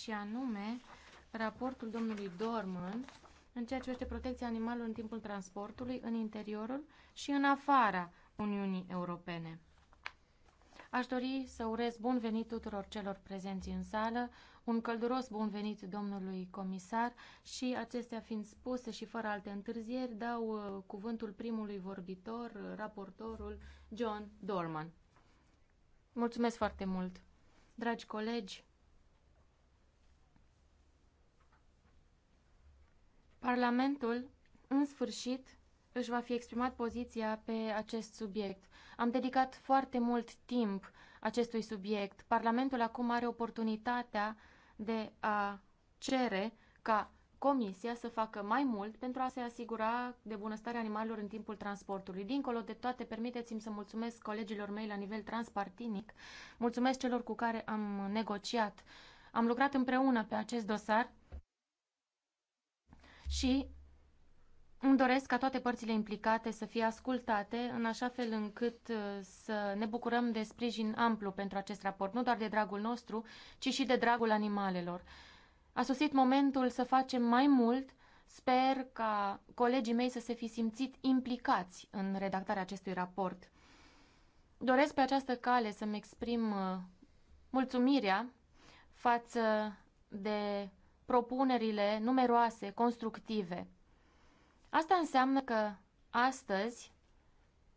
și anume raportul domnului Dorman în ceea ce este protecția animalelor în timpul transportului, în interiorul și în afara Uniunii Europene. Aș dori să urez bun venit tuturor celor prezenți în sală, un călduros bun venit domnului comisar și acestea fiind spuse și fără alte întârzieri, dau uh, cuvântul primului vorbitor, uh, raportorul John Dorman. Mulțumesc foarte mult! Dragi colegi, Parlamentul, în sfârșit, își va fi exprimat poziția pe acest subiect. Am dedicat foarte mult timp acestui subiect. Parlamentul acum are oportunitatea de a cere ca Comisia să facă mai mult pentru a se asigura de bunăstarea animalelor în timpul transportului. Dincolo de toate, permiteți-mi să mulțumesc colegilor mei la nivel transpartinic, mulțumesc celor cu care am negociat. Am lucrat împreună pe acest dosar și îmi doresc ca toate părțile implicate să fie ascultate în așa fel încât uh, să ne bucurăm de sprijin amplu pentru acest raport, nu doar de dragul nostru, ci și de dragul animalelor. A sosit momentul să facem mai mult. Sper ca colegii mei să se fi simțit implicați în redactarea acestui raport. Doresc pe această cale să-mi exprim uh, mulțumirea față de propunerile numeroase, constructive. Asta înseamnă că astăzi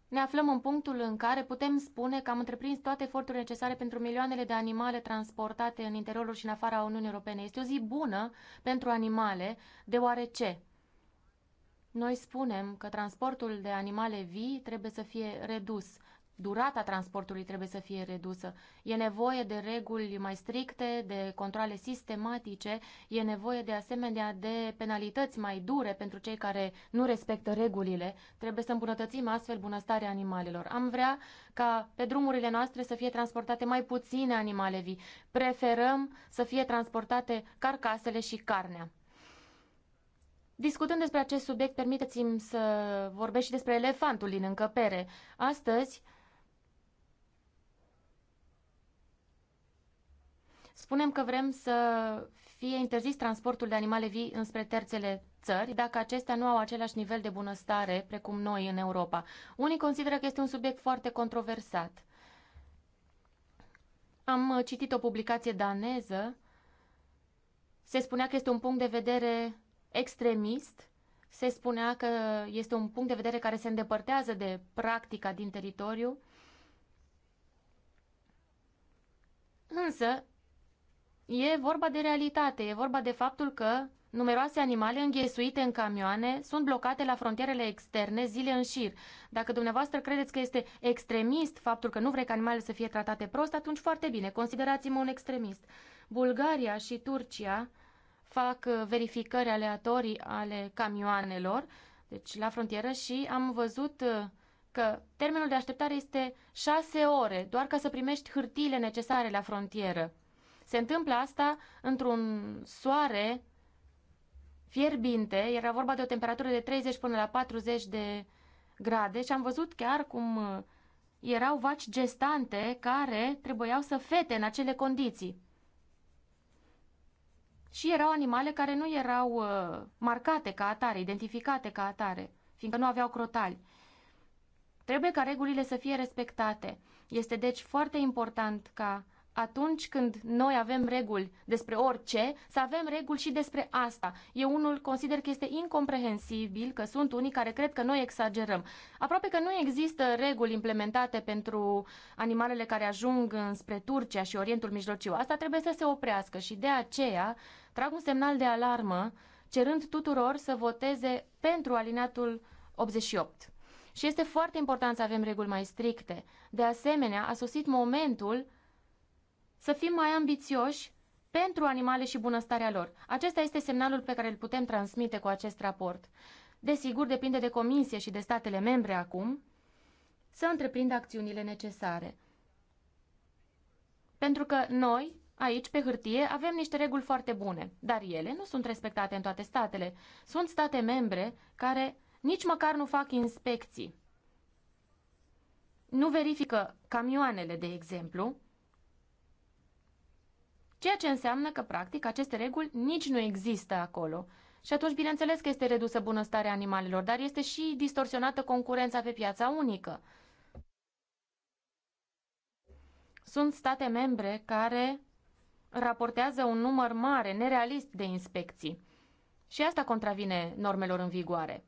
ne aflăm în punctul în care putem spune că am întreprins toate eforturile necesare pentru milioanele de animale transportate în interiorul și în afara Uniunii Europene. Este o zi bună pentru animale, deoarece noi spunem că transportul de animale vii trebuie să fie redus durata transportului trebuie să fie redusă. E nevoie de reguli mai stricte, de controle sistematice, e nevoie de asemenea de penalități mai dure pentru cei care nu respectă regulile. Trebuie să îmbunătățim astfel bunăstarea animalelor. Am vrea ca pe drumurile noastre să fie transportate mai puține animale vii. Preferăm să fie transportate carcasele și carnea. Discutând despre acest subiect, permiteți-mi să vorbesc și despre elefantul din încăpere. Astăzi, Spunem că vrem să fie interzis transportul de animale vii înspre terțele țări, dacă acestea nu au același nivel de bunăstare precum noi în Europa. Unii consideră că este un subiect foarte controversat. Am citit o publicație daneză. Se spunea că este un punct de vedere extremist. Se spunea că este un punct de vedere care se îndepărtează de practica din teritoriu. Însă, E vorba de realitate, e vorba de faptul că numeroase animale înghesuite în camioane sunt blocate la frontierele externe zile în șir. Dacă dumneavoastră credeți că este extremist faptul că nu vrei ca animalele să fie tratate prost, atunci foarte bine, considerați-mă un extremist. Bulgaria și Turcia fac uh, verificări aleatorii ale camioanelor, deci la frontieră, și am văzut uh, că termenul de așteptare este șase ore, doar ca să primești hârtiile necesare la frontieră. Se întâmplă asta într-un soare fierbinte, era vorba de o temperatură de 30 până la 40 de grade și am văzut chiar cum uh, erau vaci gestante care trebuiau să fete în acele condiții. Și erau animale care nu erau uh, marcate ca atare, identificate ca atare, fiindcă nu aveau crotali. Trebuie ca regulile să fie respectate. Este deci foarte important ca atunci când noi avem reguli despre orice, să avem reguli și despre asta. Eu unul consider că este incomprehensibil că sunt unii care cred că noi exagerăm. Aproape că nu există reguli implementate pentru animalele care ajung spre Turcia și Orientul Mijlociu. Asta trebuie să se oprească și de aceea trag un semnal de alarmă cerând tuturor să voteze pentru alineatul 88. Și este foarte important să avem reguli mai stricte. De asemenea, a sosit momentul să fim mai ambițioși pentru animale și bunăstarea lor. Acesta este semnalul pe care îl putem transmite cu acest raport. Desigur, depinde de Comisie și de statele membre acum să întreprindă acțiunile necesare. Pentru că noi, aici, pe hârtie, avem niște reguli foarte bune, dar ele nu sunt respectate în toate statele. Sunt state membre care nici măcar nu fac inspecții. Nu verifică camioanele, de exemplu, Ceea ce înseamnă că, practic, aceste reguli nici nu există acolo. Și atunci, bineînțeles că este redusă bunăstarea animalelor, dar este și distorsionată concurența pe piața unică. Sunt state membre care raportează un număr mare, nerealist de inspecții. Și asta contravine normelor în vigoare.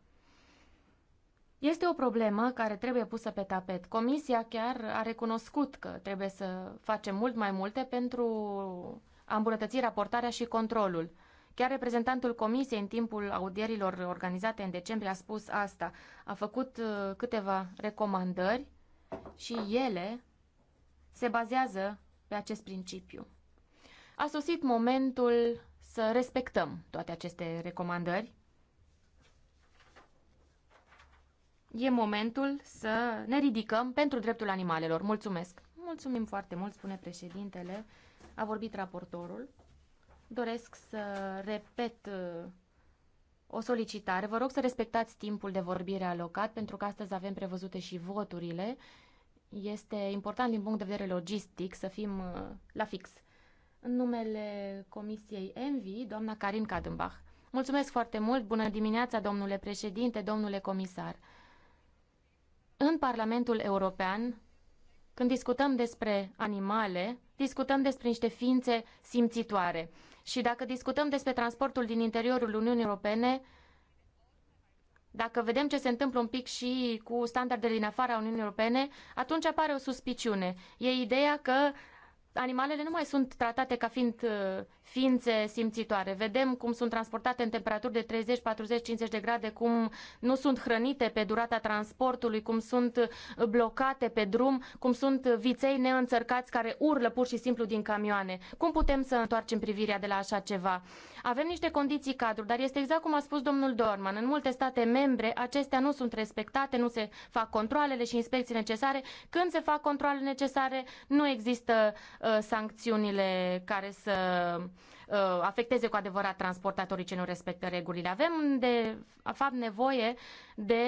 Este o problemă care trebuie pusă pe tapet. Comisia chiar a recunoscut că trebuie să facem mult mai multe pentru a îmbunătăți raportarea și controlul. Chiar reprezentantul comisiei în timpul audierilor organizate în decembrie a spus asta. A făcut uh, câteva recomandări și ele se bazează pe acest principiu. A sosit momentul să respectăm toate aceste recomandări e momentul să ne ridicăm pentru dreptul animalelor. Mulțumesc! Mulțumim foarte mult, spune președintele. A vorbit raportorul. Doresc să repet uh, o solicitare. Vă rog să respectați timpul de vorbire alocat, pentru că astăzi avem prevăzute și voturile. Este important din punct de vedere logistic să fim uh, la fix. În numele Comisiei Envi, doamna Karin Kadenbach. Mulțumesc foarte mult. Bună dimineața, domnule președinte, domnule comisar în Parlamentul European, când discutăm despre animale, discutăm despre niște ființe simțitoare. Și dacă discutăm despre transportul din interiorul Uniunii Europene, dacă vedem ce se întâmplă un pic și cu standardele din afara Uniunii Europene, atunci apare o suspiciune. E ideea că animalele nu mai sunt tratate ca fiind uh, ființe simțitoare. Vedem cum sunt transportate în temperaturi de 30, 40, 50 de grade, cum nu sunt hrănite pe durata transportului, cum sunt blocate pe drum, cum sunt viței neînțărcați care urlă pur și simplu din camioane. Cum putem să întoarcem privirea de la așa ceva? Avem niște condiții cadru, dar este exact cum a spus domnul Dorman. În multe state membre acestea nu sunt respectate, nu se fac controlele și inspecții necesare. Când se fac controlele necesare, nu există uh, sancțiunile care să Uh, afecteze cu adevărat transportatorii ce nu respectă regulile. Avem de fapt nevoie de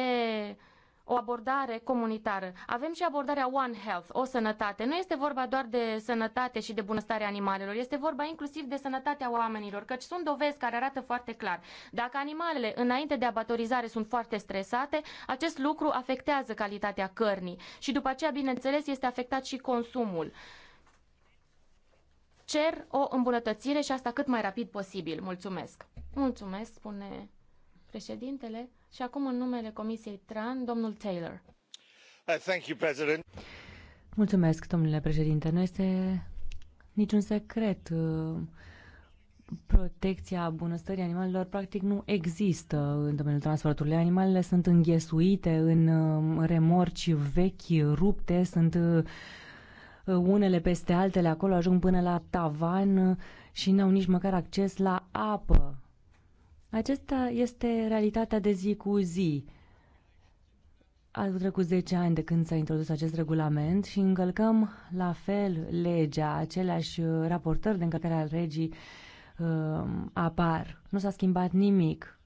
o abordare comunitară. Avem și abordarea One Health, o sănătate. Nu este vorba doar de sănătate și de bunăstare animalelor, este vorba inclusiv de sănătatea oamenilor, căci sunt dovezi care arată foarte clar. Dacă animalele înainte de abatorizare sunt foarte stresate, acest lucru afectează calitatea cărnii și după aceea, bineînțeles, este afectat și consumul. Cer o îmbunătățire și asta cât mai rapid posibil. Mulțumesc. Mulțumesc, spune președintele. Și acum, în numele Comisiei TRAN, domnul Taylor. Uh, thank you, President. Mulțumesc, domnule președinte. Nu este niciun secret. Uh, protecția bunăstării animalelor practic nu există în domeniul transportului. Animalele sunt înghesuite în uh, remorci vechi, rupte, sunt uh, Uh, unele peste altele acolo ajung până la tavan uh, și n-au nici măcar acces la apă. Acesta este realitatea de zi cu zi. Au trecut 10 ani de când s-a introdus acest regulament și încălcăm la fel legea, aceleași uh, raportări de încălcare al regii uh, apar. Nu s-a schimbat nimic.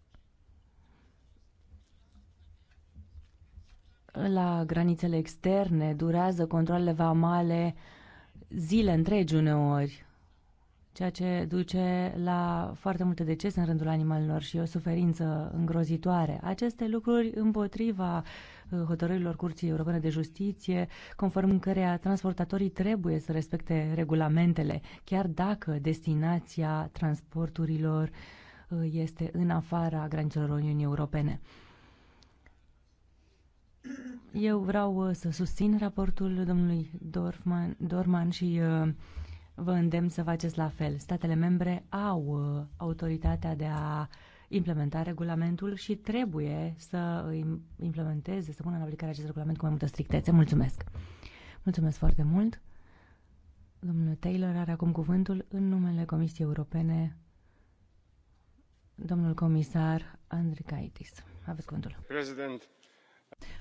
la granițele externe, durează controlele vamale zile întregi uneori, ceea ce duce la foarte multe decese în rândul animalelor și o suferință îngrozitoare. Aceste lucruri împotriva uh, hotărârilor Curții Europene de Justiție, conform căreia transportatorii trebuie să respecte regulamentele, chiar dacă destinația transporturilor uh, este în afara granițelor Uniunii Europene. Eu vreau uh, să susțin raportul domnului Dorfman, Dorman și uh, vă îndemn să faceți la fel. Statele membre au uh, autoritatea de a implementa regulamentul și trebuie să implementeze, să pună în aplicare acest regulament cu mai multă strictețe. Mulțumesc! Mulțumesc foarte mult! Domnul Taylor are acum cuvântul în numele Comisiei Europene, domnul comisar Andrikaitis. Aveți cuvântul. President,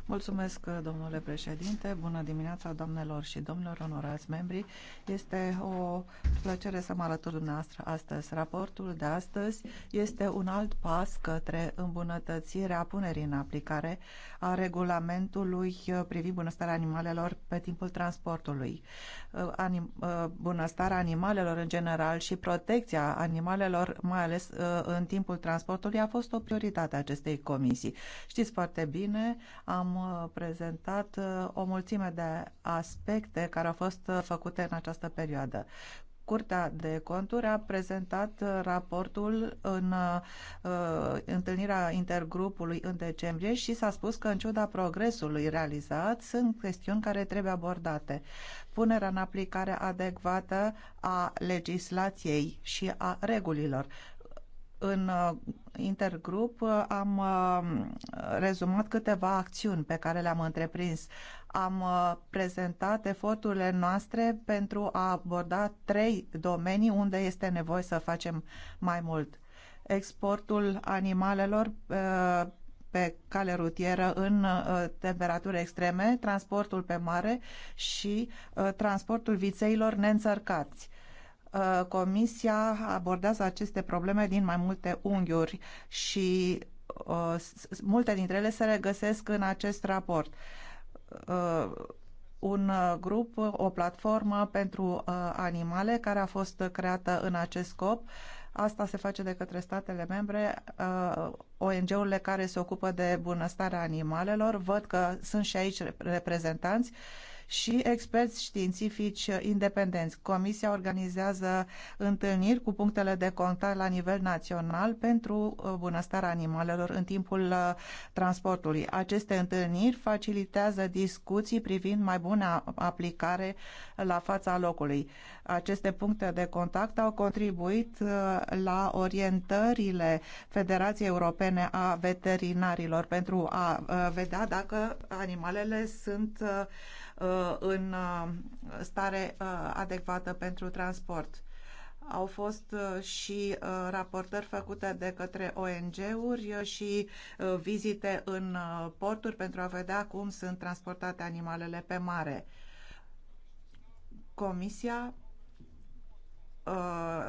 Mulțumesc, domnule președinte. Bună dimineața, doamnelor și domnilor, onorați membri. Este o plăcere să mă alătur dumneavoastră astăzi. Raportul de astăzi este un alt pas către îmbunătățirea punerii în aplicare a regulamentului privind bunăstarea animalelor pe timpul transportului. Uh, anim, uh, bunăstarea animalelor în general și protecția animalelor, mai ales uh, în timpul transportului, a fost o prioritate a acestei comisii. Știți foarte bine, am uh, prezentat uh, o mulțime de aspecte care au fost uh, făcute în această perioadă. Curtea de Conturi a prezentat raportul în uh, întâlnirea intergrupului în decembrie și s-a spus că în ciuda progresului realizat sunt chestiuni care trebuie abordate. Punerea în aplicare adecvată a legislației și a regulilor în uh, intergrup uh, am uh, rezumat câteva acțiuni pe care le-am întreprins. Am prezentat eforturile noastre pentru a aborda trei domenii unde este nevoie să facem mai mult. Exportul animalelor pe cale rutieră în temperaturi extreme, transportul pe mare și transportul vițeilor neînțărcați Uh, comisia abordează aceste probleme din mai multe unghiuri și uh, multe dintre ele se regăsesc în acest raport. Uh, un uh, grup, o platformă pentru uh, animale care a fost creată în acest scop. Asta se face de către statele membre. Uh, ONG-urile care se ocupă de bunăstarea animalelor văd că sunt și aici reprezentanți. Uh, și experți științifici independenți. Comisia organizează întâlniri cu punctele de contact la nivel național pentru uh, bunăstarea animalelor în timpul uh, transportului. Aceste întâlniri facilitează discuții privind mai bună aplicare la fața locului. Aceste puncte de contact au contribuit uh, la orientările Federației Europene a Veterinarilor pentru a vedea dacă animalele sunt uh, Uh, în uh, stare uh, adecvată pentru transport. Au fost și raportări făcute de către ONG-uri și vizite în porturi pentru a vedea cum sunt transportate animalele pe mare. Comisia Uh,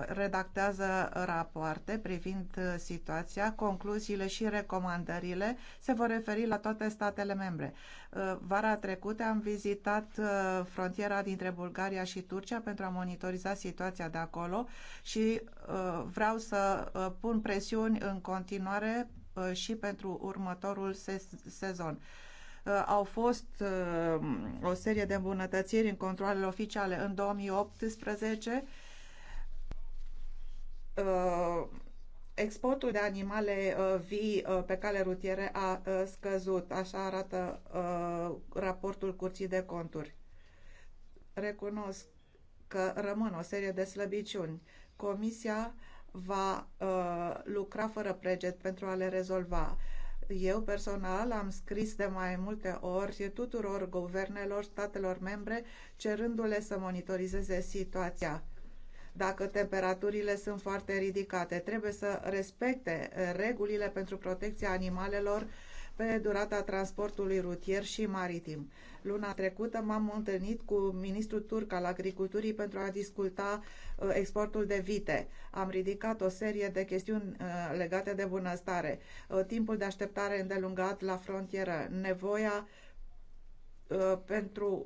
redactează rapoarte privind uh, situația, concluziile și recomandările se vor referi la toate statele membre. Uh, vara trecută am vizitat frontiera dintre Bulgaria și Turcia pentru a monitoriza situația de acolo și vreau să pun presiuni în continuare și pentru următorul sezon au fost o serie de îmbunătățiri în controlele oficiale în 2018 Uh, exportul de animale uh, vii uh, pe cale rutiere a scăzut. Așa arată raportul Curții de Conturi. Recunosc că rămân o serie de slăbiciuni. Comisia va lucra fără preget pentru a le rezolva. Eu personal am scris de mai multe ori tuturor guvernelor, statelor membre, cerându-le să monitorizeze situația dacă temperaturile sunt foarte ridicate. Trebuie să respecte eh, regulile pentru protecția animalelor pe durata transportului rutier și maritim. Luna trecută m-am întâlnit cu ministrul turc al agriculturii pentru a discuta eh, exportul de vite. Am ridicat o serie de chestiuni eh, legate de bunăstare, timpul de așteptare îndelungat la frontieră, nevoia pentru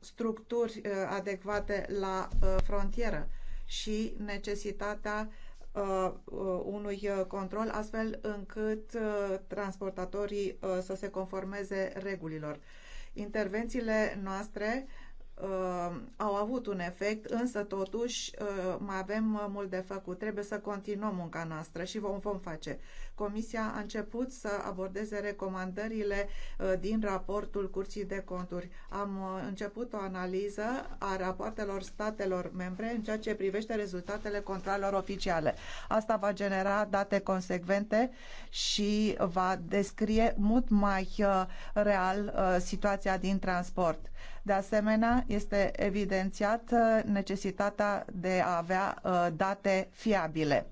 structuri uh, adecvate la uh, frontieră și necesitatea uh, unui control astfel încât transportatorii să se conformeze regulilor. Intervențiile noastre Uh, au avut un efect, însă totuși uh, mai avem uh, mult de făcut. Trebuie să continuăm munca noastră și vom, vom face. Comisia a început să abordeze recomandările din raportul Curții de Conturi. Am început o analiză a rapoartelor statelor membre în ceea ce privește rezultatele controlelor oficiale. Asta va genera date consecvente și va descrie mult mai real situația din transport de asemenea, este evidențiată uh, necesitatea de a avea uh, date fiabile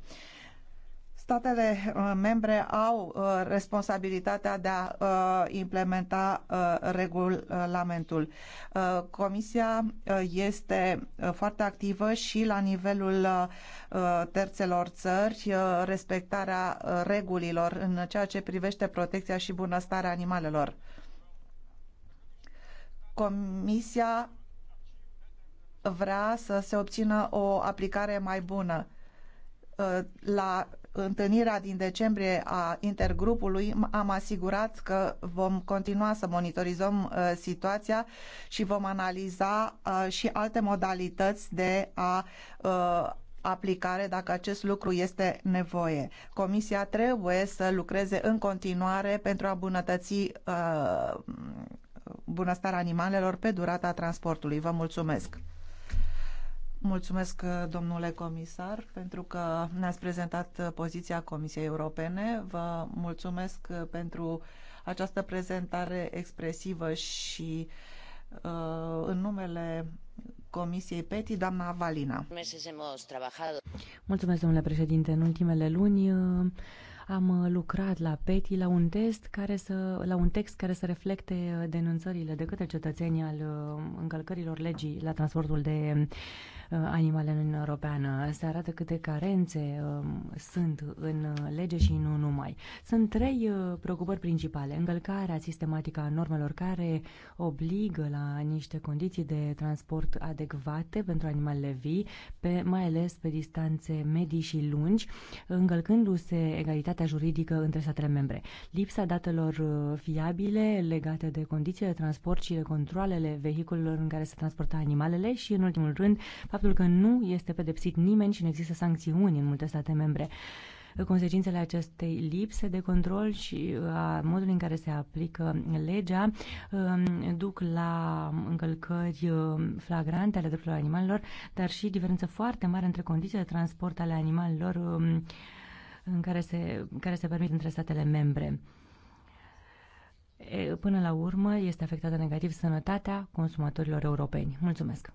statele uh, membre au responsabilitatea de a implementa regulamentul. Comisia este foarte activă și la nivelul terțelor țări, respectarea regulilor în ceea ce privește protecția și bunăstarea animalelor. Comisia vrea să se obțină o aplicare mai bună. Uh, la întâlnirea din decembrie a intergrupului am asigurat că vom continua să monitorizăm uh, situația și vom analiza uh, și alte modalități de a aplicare dacă acest lucru este nevoie. Comisia trebuie să lucreze în continuare pentru a bunătăți uh, bunăstarea animalelor pe durata transportului. Vă mulțumesc! Mulțumesc, domnule comisar, pentru că ne-ați prezentat poziția Comisiei Europene. Vă mulțumesc pentru această prezentare expresivă și uh, în numele Comisiei PETI, doamna Valina. Mulțumesc, domnule președinte. În ultimele luni uh, am uh, lucrat la PETI la un, test care să, la un text care să reflecte uh, denunțările de către cetățenii al uh, încălcărilor legii la transportul de Uh, animale în Uniunea Europeană. Se arată câte carențe um, sunt în uh, lege și nu numai. Sunt trei uh, preocupări principale. Încălcarea sistematică a normelor care obligă la niște condiții de transport adecvate pentru animalele vii, pe, mai ales pe distanțe medii și lungi, încălcându-se egalitatea juridică între statele membre. Lipsa datelor fiabile legate de condițiile de transport și de controlele vehiculelor în care se transporta animalele și, în ultimul rând, faptul că nu este pedepsit nimeni și nu există sancțiuni în multe state membre. Consecințele acestei lipse de control și uh, a modului în care se aplică legea um, duc la încălcări uh, flagrante ale drepturilor animalelor, dar și diferență foarte mare între condițiile de transport ale animalelor um, în care se, care se permit între statele membre. Până la urmă, este afectată negativ sănătatea consumatorilor europeni. Mulțumesc!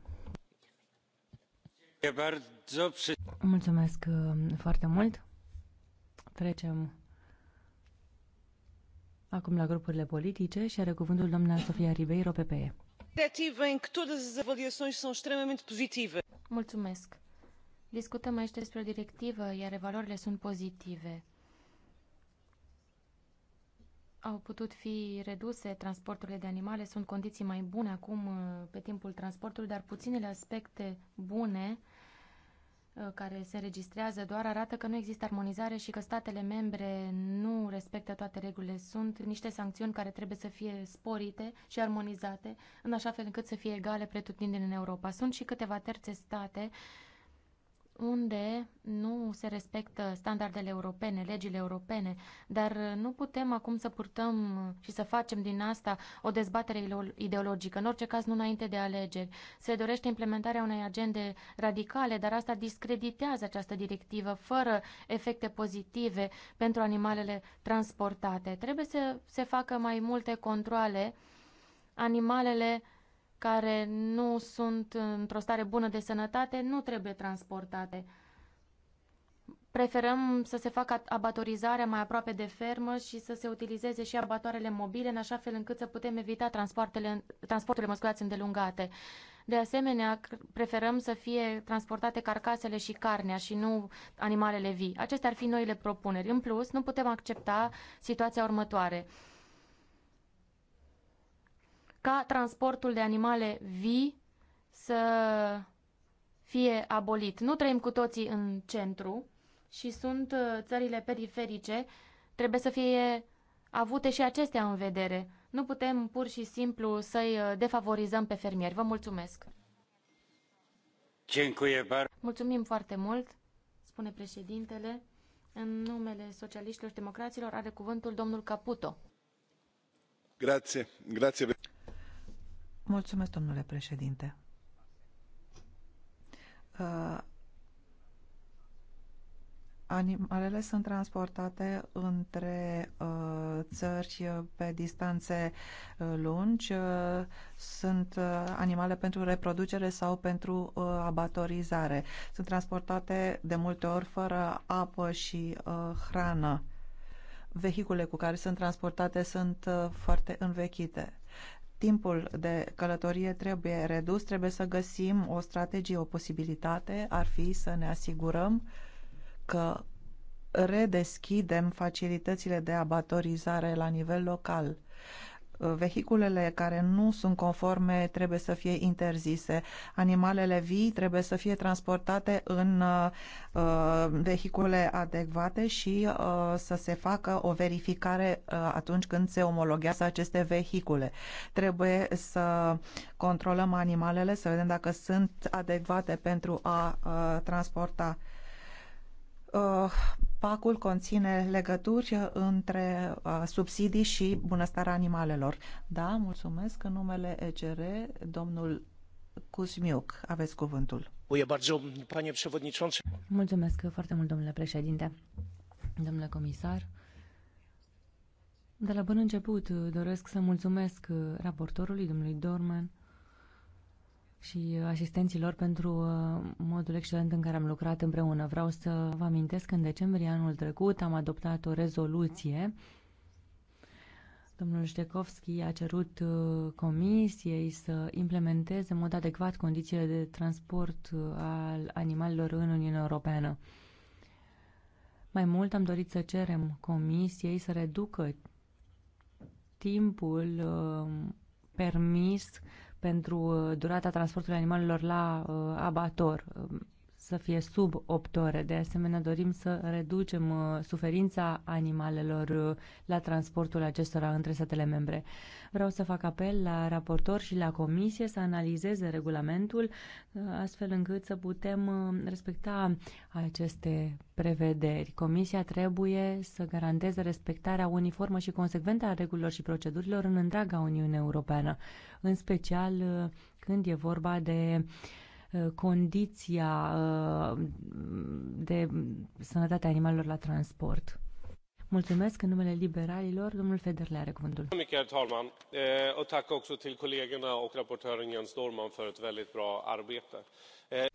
Mulțumesc uh, foarte mult. Trecem acum la grupurile politice și are cuvântul doamna Sofia Ribeiro, PPE. Mulțumesc. Discutăm aici despre o directivă, iar valorile sunt pozitive. Au putut fi reduse transporturile de animale, sunt condiții mai bune acum uh, pe timpul transportului, dar puținele aspecte bune Uh, care se registrează doar arată că nu există armonizare și că statele membre nu respectă toate regulile. Sunt niște sancțiuni care trebuie să fie sporite și armonizate, în așa fel încât să fie egale pretutindeni în Europa. Sunt și câteva terțe state unde nu se respectă standardele europene, legile europene, dar nu putem acum să purtăm și să facem din asta o dezbatere ideologică, în orice caz nu înainte de alegeri. Se dorește implementarea unei agende radicale, dar asta discreditează această directivă fără efecte pozitive pentru animalele transportate. Trebuie să se facă mai multe controle. Animalele care nu sunt într-o stare bună de sănătate nu trebuie transportate. Preferăm să se facă abatorizarea mai aproape de fermă și să se utilizeze și abatoarele mobile, în așa fel încât să putem evita transportele, transporturile măsculați îndelungate. De asemenea, preferăm să fie transportate carcasele și carnea și nu animalele vii. Acestea ar fi noile propuneri. În plus, nu putem accepta situația următoare ca transportul de animale vii să fie abolit. Nu trăim cu toții în centru și sunt uh, țările periferice, trebuie să fie avute și acestea în vedere. Nu putem pur și simplu să-i uh, defavorizăm pe fermieri. Vă mulțumesc! Mulțumim foarte mult, spune președintele. În numele socialiștilor și democraților are cuvântul domnul Caputo. Grazie. Grazie. Mulțumesc, domnule președinte. Uh, Animalele sunt transportate între uh, țări pe distanțe uh, lungi, uh, sunt uh, animale pentru reproducere sau pentru uh, abatorizare. Sunt transportate de multe ori fără apă și uh, hrană. Vehicule cu care sunt transportate sunt uh, foarte învechite timpul de călătorie trebuie redus, trebuie să găsim o strategie, o posibilitate, ar fi să ne asigurăm că redeschidem facilitățile de abatorizare la nivel local Uh, vehiculele care nu sunt conforme trebuie să fie interzise, animalele vii trebuie să fie transportate în uh, uh, vehicule adecvate și uh, să se facă o verificare uh, atunci când se omologhează aceste vehicule. Trebuie să controlăm animalele, să vedem dacă sunt adecvate pentru a uh, transporta PAC-ul conține legături între uh, subsidii și bunăstarea animalelor. Da, mulțumesc. În numele ECR, domnul Cusmiuc, aveți cuvântul. Mulțumesc foarte mult, domnule președinte, domnule comisar. De la bun început doresc să mulțumesc uh, raportorului, domnului Dorman, și uh, asistenților pentru uh, modul excelent în care am lucrat împreună. Vreau să vă amintesc că în decembrie anul trecut am adoptat o rezoluție. Domnul Ștecovski a cerut uh, comisiei să implementeze în mod adecvat condițiile de transport al animalelor în Uniunea Europeană. Mai mult am dorit să cerem comisiei să reducă timpul permis pentru uh, durata transportului animalelor la uh, abator. Um, să fie sub 8 ore. De asemenea, dorim să reducem uh, suferința animalelor uh, la transportul acestora între statele membre. Vreau să fac apel la raportor și la comisie să analizeze regulamentul uh, astfel încât să putem respecta aceste prevederi. Comisia trebuie să garanteze respectarea uniformă și consecventă a regulilor și procedurilor în întreaga Uniune Europeană, în special când e vorba de uh, Uh, condiția uh, de sănătate a animalelor la transport. Mulțumesc în numele liberalilor. Domnul Federle are cuvântul. Herr talman. Eh, och tack și till kollegorna och rapportören Jens Dorman för ett väldigt bra arbete. Eh,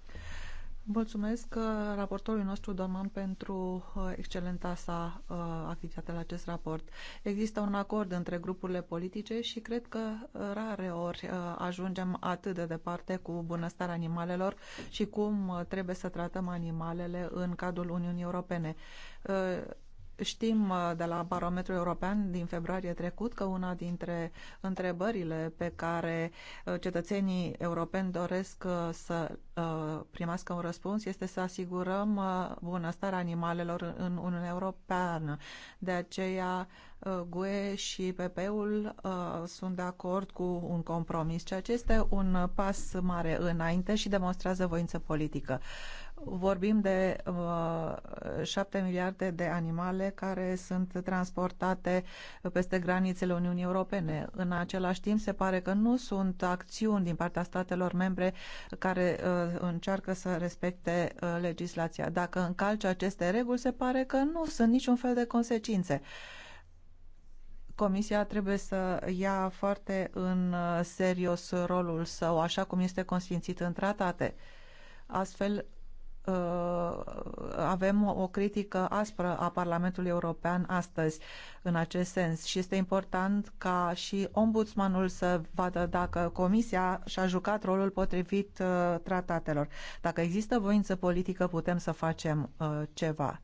Mulțumesc uh, raportorului nostru, Doman, pentru uh, excelenta sa uh, activitate la acest raport. Există un acord între grupurile politice și cred că rare ori ajungem atât de departe cu bunăstarea animalelor și cum trebuie să tratăm animalele în cadrul Uniunii Europene Știm uh, de la barometrul european din februarie trecut că una dintre întrebările pe care uh, cetățenii europeni doresc uh, să primească un răspuns este să asigurăm bunăstarea animalelor în Uniunea Europeană. De aceea GUE și PP-ul sunt de acord cu un compromis, ceea ce este un pas mare înainte și demonstrează voință politică. Vorbim de uh, 7 miliarde de animale care sunt transportate peste granițele Uniunii Europene. În același timp, se pare că nu sunt acțiuni din partea statelor membre care uh, încearcă să respecte uh, legislația. Dacă încalce aceste reguli, se pare că nu sunt niciun fel de consecințe. Comisia trebuie să ia foarte în uh, serios rolul său, așa cum este consfințit în tratate. Astfel, Uh, avem o critică aspră a Parlamentului European astăzi în acest sens și este important ca și ombudsmanul să vadă dacă Comisia și-a jucat rolul potrivit uh, tratatelor. Dacă există voință politică, putem să facem uh, ceva.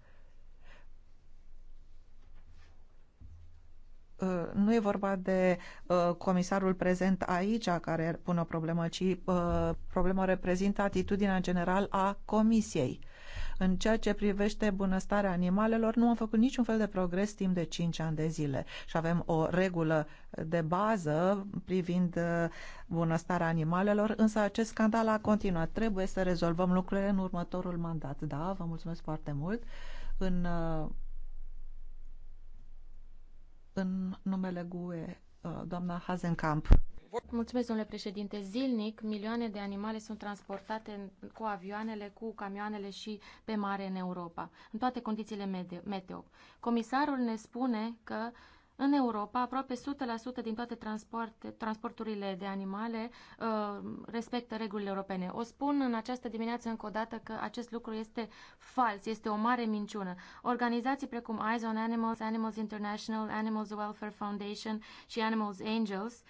Uh, nu e vorba de uh, comisarul prezent aici care pune o problemă, ci uh, problema reprezintă atitudinea general a comisiei. În ceea ce privește bunăstarea animalelor, nu am făcut niciun fel de progres timp de 5 ani de zile și avem o regulă de bază privind bunăstarea animalelor, însă acest scandal a continuat. Trebuie să rezolvăm lucrurile în următorul mandat. Da, vă mulțumesc foarte mult. În în numele GUE, uh, doamna Hazenkamp. Mulțumesc, domnule președinte. Zilnic, milioane de animale sunt transportate cu avioanele, cu camioanele și pe mare în Europa, în toate condițiile meteo. Comisarul ne spune că în Europa, aproape 100% din toate transporturile de animale uh, respectă regulile europene. O spun în această dimineață încă o dată că acest lucru este fals, este o mare minciună. Organizații precum Eyes on Animals, Animals International, Animals Welfare Foundation și Animals Angels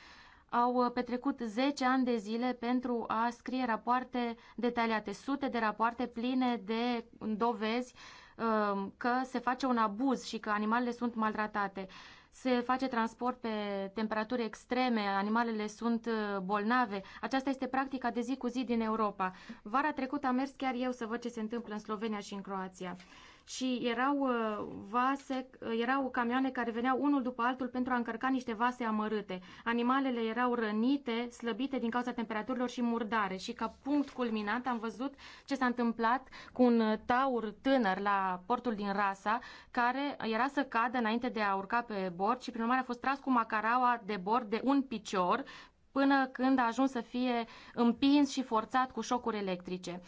au uh, petrecut 10 ani de zile pentru a scrie rapoarte detaliate, sute de rapoarte pline de dovezi uh, că se face un abuz și că animalele sunt maltratate se face transport pe temperaturi extreme, animalele sunt uh, bolnave. Aceasta este practica de zi cu zi din Europa. Vara trecută am mers chiar eu să văd ce se întâmplă în Slovenia și în Croația și erau uh, vase, uh, erau camioane care veneau unul după altul pentru a încărca niște vase amărâte. Animalele erau rănite, slăbite din cauza temperaturilor și murdare și ca punct culminant am văzut ce s-a întâmplat cu un uh, taur tânăr la portul din Rasa care era să cadă înainte de a urca pe bord și prin urmare a fost tras cu macaraua de bord de un picior până când a ajuns să fie împins și forțat cu șocuri electrice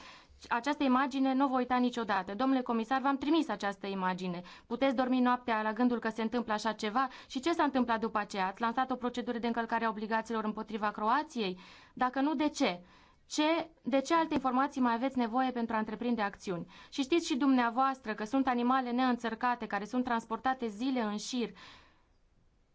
această imagine nu o voi uita niciodată. Domnule comisar, v-am trimis această imagine. Puteți dormi noaptea la gândul că se întâmplă așa ceva? Și ce s-a întâmplat după aceea? Ați lansat o procedură de încălcare a obligațiilor împotriva Croației? Dacă nu, de ce? Ce, de ce alte informații mai aveți nevoie pentru a întreprinde acțiuni? Și știți și dumneavoastră că sunt animale neînțărcate care sunt transportate zile în șir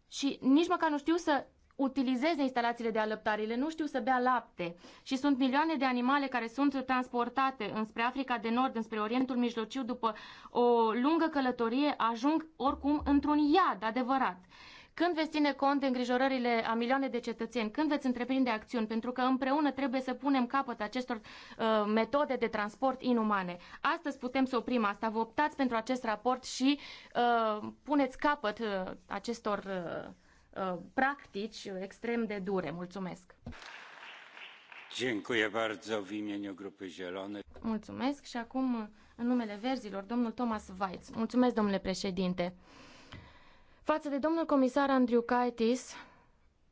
și nici măcar nu știu să utilizeze instalațiile de alăptare, ele nu știu să bea lapte și sunt milioane de animale care sunt transportate înspre Africa de Nord, înspre Orientul Mijlociu, după o lungă călătorie, ajung oricum într-un iad adevărat. Când veți ține cont de îngrijorările a milioane de cetățeni? Când veți întreprinde acțiuni? Pentru că împreună trebuie să punem capăt acestor uh, metode de transport inumane. Astăzi putem să oprim asta. Vă optați pentru acest raport și uh, puneți capăt uh, acestor uh, Uh, practici extrem de dure. Mulțumesc! Mulțumesc și acum în numele verzilor, domnul Thomas Weitz. Mulțumesc, domnule președinte. Față de domnul comisar Andriu Kaitis,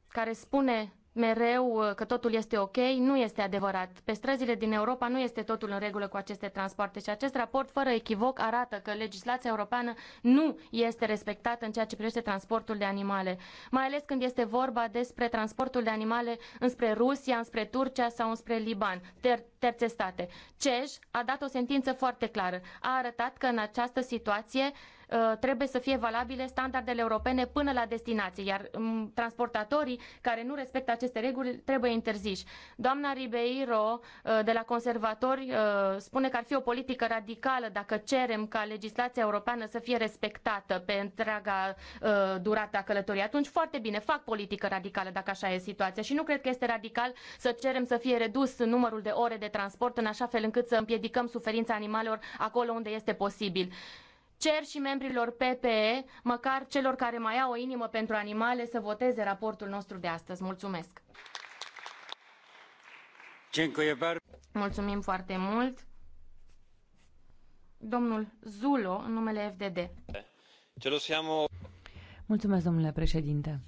care spune mereu uh, că totul este ok, nu este adevărat. Pe străzile din Europa nu este totul în regulă cu aceste transporte și acest raport fără echivoc arată că legislația europeană nu este respectată în ceea ce privește transportul de animale, mai ales când este vorba despre transportul de animale înspre Rusia, înspre Turcia sau înspre Liban, ter- terțe state. CEJ a dat o sentință foarte clară. A arătat că în această situație Uh, trebuie să fie valabile standardele europene până la destinație, iar um, transportatorii care nu respectă aceste reguli trebuie interziși. Doamna Ribeiro uh, de la conservatori uh, spune că ar fi o politică radicală dacă cerem ca legislația europeană să fie respectată pe întreaga durată a călătoriei. Atunci foarte bine, fac politică radicală dacă așa e situația și nu cred că este radical să cerem să fie redus numărul de ore de transport în așa fel încât să împiedicăm suferința animalelor acolo unde este posibil. Cer și membrilor PPE, măcar celor care mai au o inimă pentru animale, să voteze raportul nostru de astăzi. Mulțumesc! Mulțumim foarte mult! Domnul Zulo, în numele FDD. Mulțumesc, domnule președinte.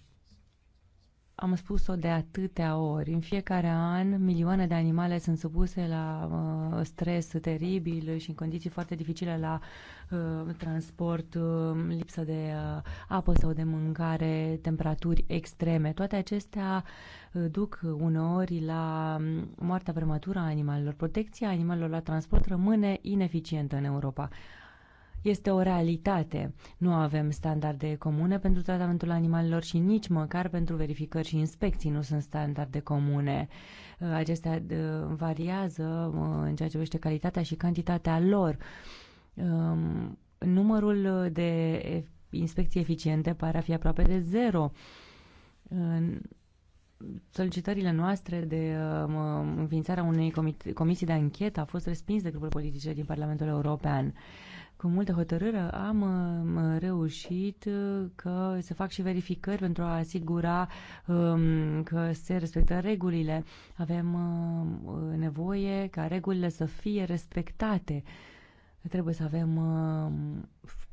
Am spus-o de atâtea ori. În fiecare an, milioane de animale sunt supuse la uh, stres teribil și în condiții foarte dificile la uh, transport, uh, lipsă de uh, apă sau de mâncare, temperaturi extreme. Toate acestea uh, duc uneori la um, moartea prematură a animalelor. Protecția animalelor la transport rămâne ineficientă în Europa este o realitate. Nu avem standarde comune pentru tratamentul animalelor și nici măcar pentru verificări și inspecții nu sunt standarde comune. Uh, acestea uh, variază uh, în ceea ce privește calitatea și cantitatea lor. Um, numărul de inspecții eficiente pare a fi aproape de zero solicitările noastre de um, înființarea unei comisii de anchetă a fost respinse de grupuri politice din Parlamentul European cu multă hotărâre am uh, reușit uh, că să fac și verificări pentru a asigura um, că se respectă regulile. Avem uh, nevoie ca regulile să fie respectate. Trebuie să avem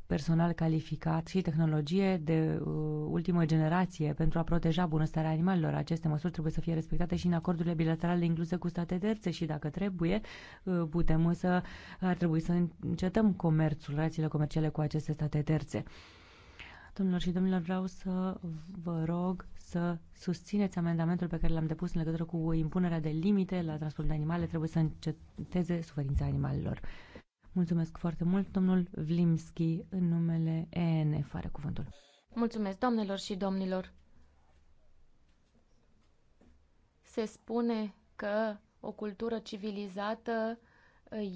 personal calificat și tehnologie de uh, ultimă generație pentru a proteja bunăstarea animalelor. Aceste măsuri trebuie să fie respectate și în acordurile bilaterale incluse cu state terțe și dacă trebuie, uh, putem să ar trebui să încetăm comerțul, relațiile comerciale cu aceste state terțe. Domnilor și domnilor, vreau să vă rog să susțineți amendamentul pe care l-am depus în legătură cu impunerea de limite la transportul de animale. Trebuie să înceteze suferința animalelor. Mulțumesc foarte mult, domnul Vlimski, în numele EN, are cuvântul. Mulțumesc, doamnelor și domnilor. Se spune că o cultură civilizată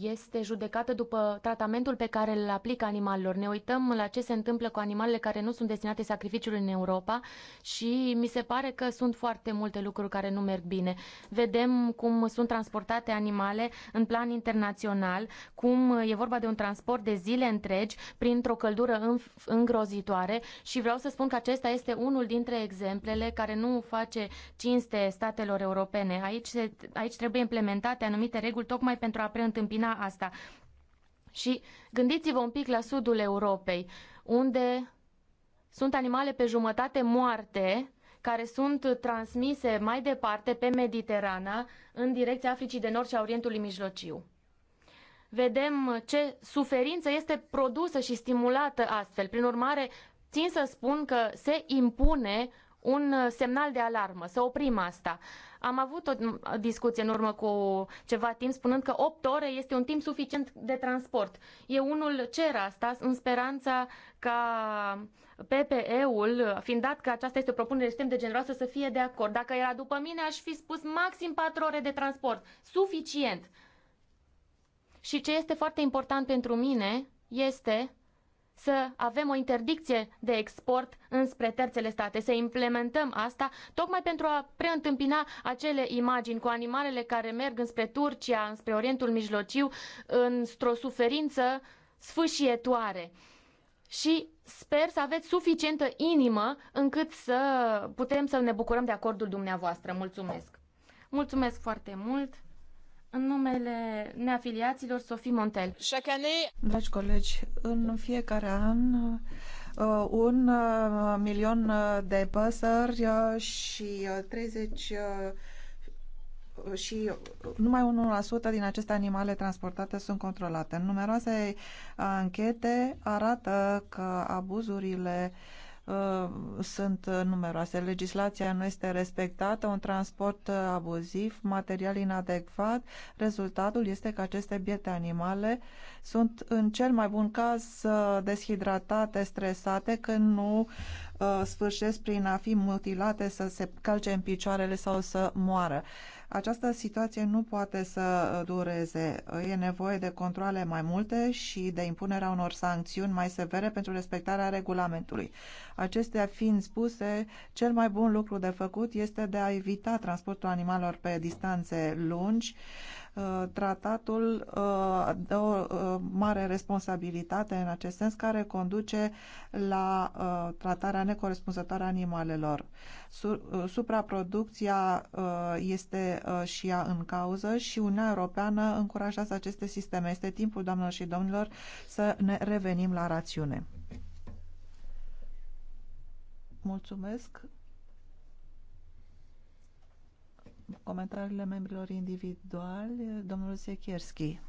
este judecată după tratamentul pe care îl aplică animalelor. Ne uităm la ce se întâmplă cu animalele care nu sunt destinate sacrificiului în Europa și mi se pare că sunt foarte multe lucruri care nu merg bine. Vedem cum sunt transportate animale în plan internațional, cum e vorba de un transport de zile întregi printr-o căldură îngrozitoare și vreau să spun că acesta este unul dintre exemplele care nu face cinste statelor europene. Aici, se, aici trebuie implementate anumite reguli tocmai pentru a preîntâmpla întâmpina asta. Și gândiți-vă un pic la sudul Europei, unde sunt animale pe jumătate moarte care sunt transmise mai departe pe Mediterana în direcția Africii de Nord și a Orientului Mijlociu. Vedem ce suferință este produsă și stimulată astfel. Prin urmare, țin să spun că se impune un semnal de alarmă, să oprim asta. Am avut o discuție în urmă cu ceva timp spunând că 8 ore este un timp suficient de transport. E unul cer asta în speranța ca PPE-ul, fiind dat că aceasta este o propunere extrem de generoasă, să fie de acord. Dacă era după mine, aș fi spus maxim 4 ore de transport. Suficient. Și ce este foarte important pentru mine este să avem o interdicție de export înspre terțele state, să implementăm asta tocmai pentru a preîntâmpina acele imagini cu animalele care merg înspre Turcia, înspre Orientul Mijlociu, într-o suferință sfâșietoare. Și sper să aveți suficientă inimă încât să putem să ne bucurăm de acordul dumneavoastră. Mulțumesc! Mulțumesc foarte mult! În numele neafiliaților, Sofie Montel. Dragi colegi, în fiecare an uh, un uh, milion uh, de păsări și 30 și numai 1% din aceste animale transportate sunt controlate. Numeroase anchete arată că abuzurile uh, Uh, sunt uh, numeroase. Legislația nu este respectată, un transport uh, abuziv, material inadecvat. Rezultatul este că aceste biete animale sunt în cel mai bun caz deshidratate, stresate, când nu uh, sfârșesc prin a fi mutilate să se calce în picioarele sau să moară. Această situație nu poate să uh, dureze. E nevoie de controle mai multe și de impunerea unor sancțiuni mai severe pentru respectarea regulamentului. Acestea fiind spuse, cel mai bun lucru de făcut este de a evita transportul animalelor pe distanțe lungi, Uh, tratatul uh, dă o uh, mare responsabilitate în acest sens care conduce la tratarea necorespunzătoare a animalelor. Supraproducția este și ea în cauză și Uniunea Europeană încurajează aceste sisteme. Este timpul, doamnelor și domnilor, să ne revenim la rațiune. Mulțumesc comentariile membrilor individuali. Domnul Sekierski.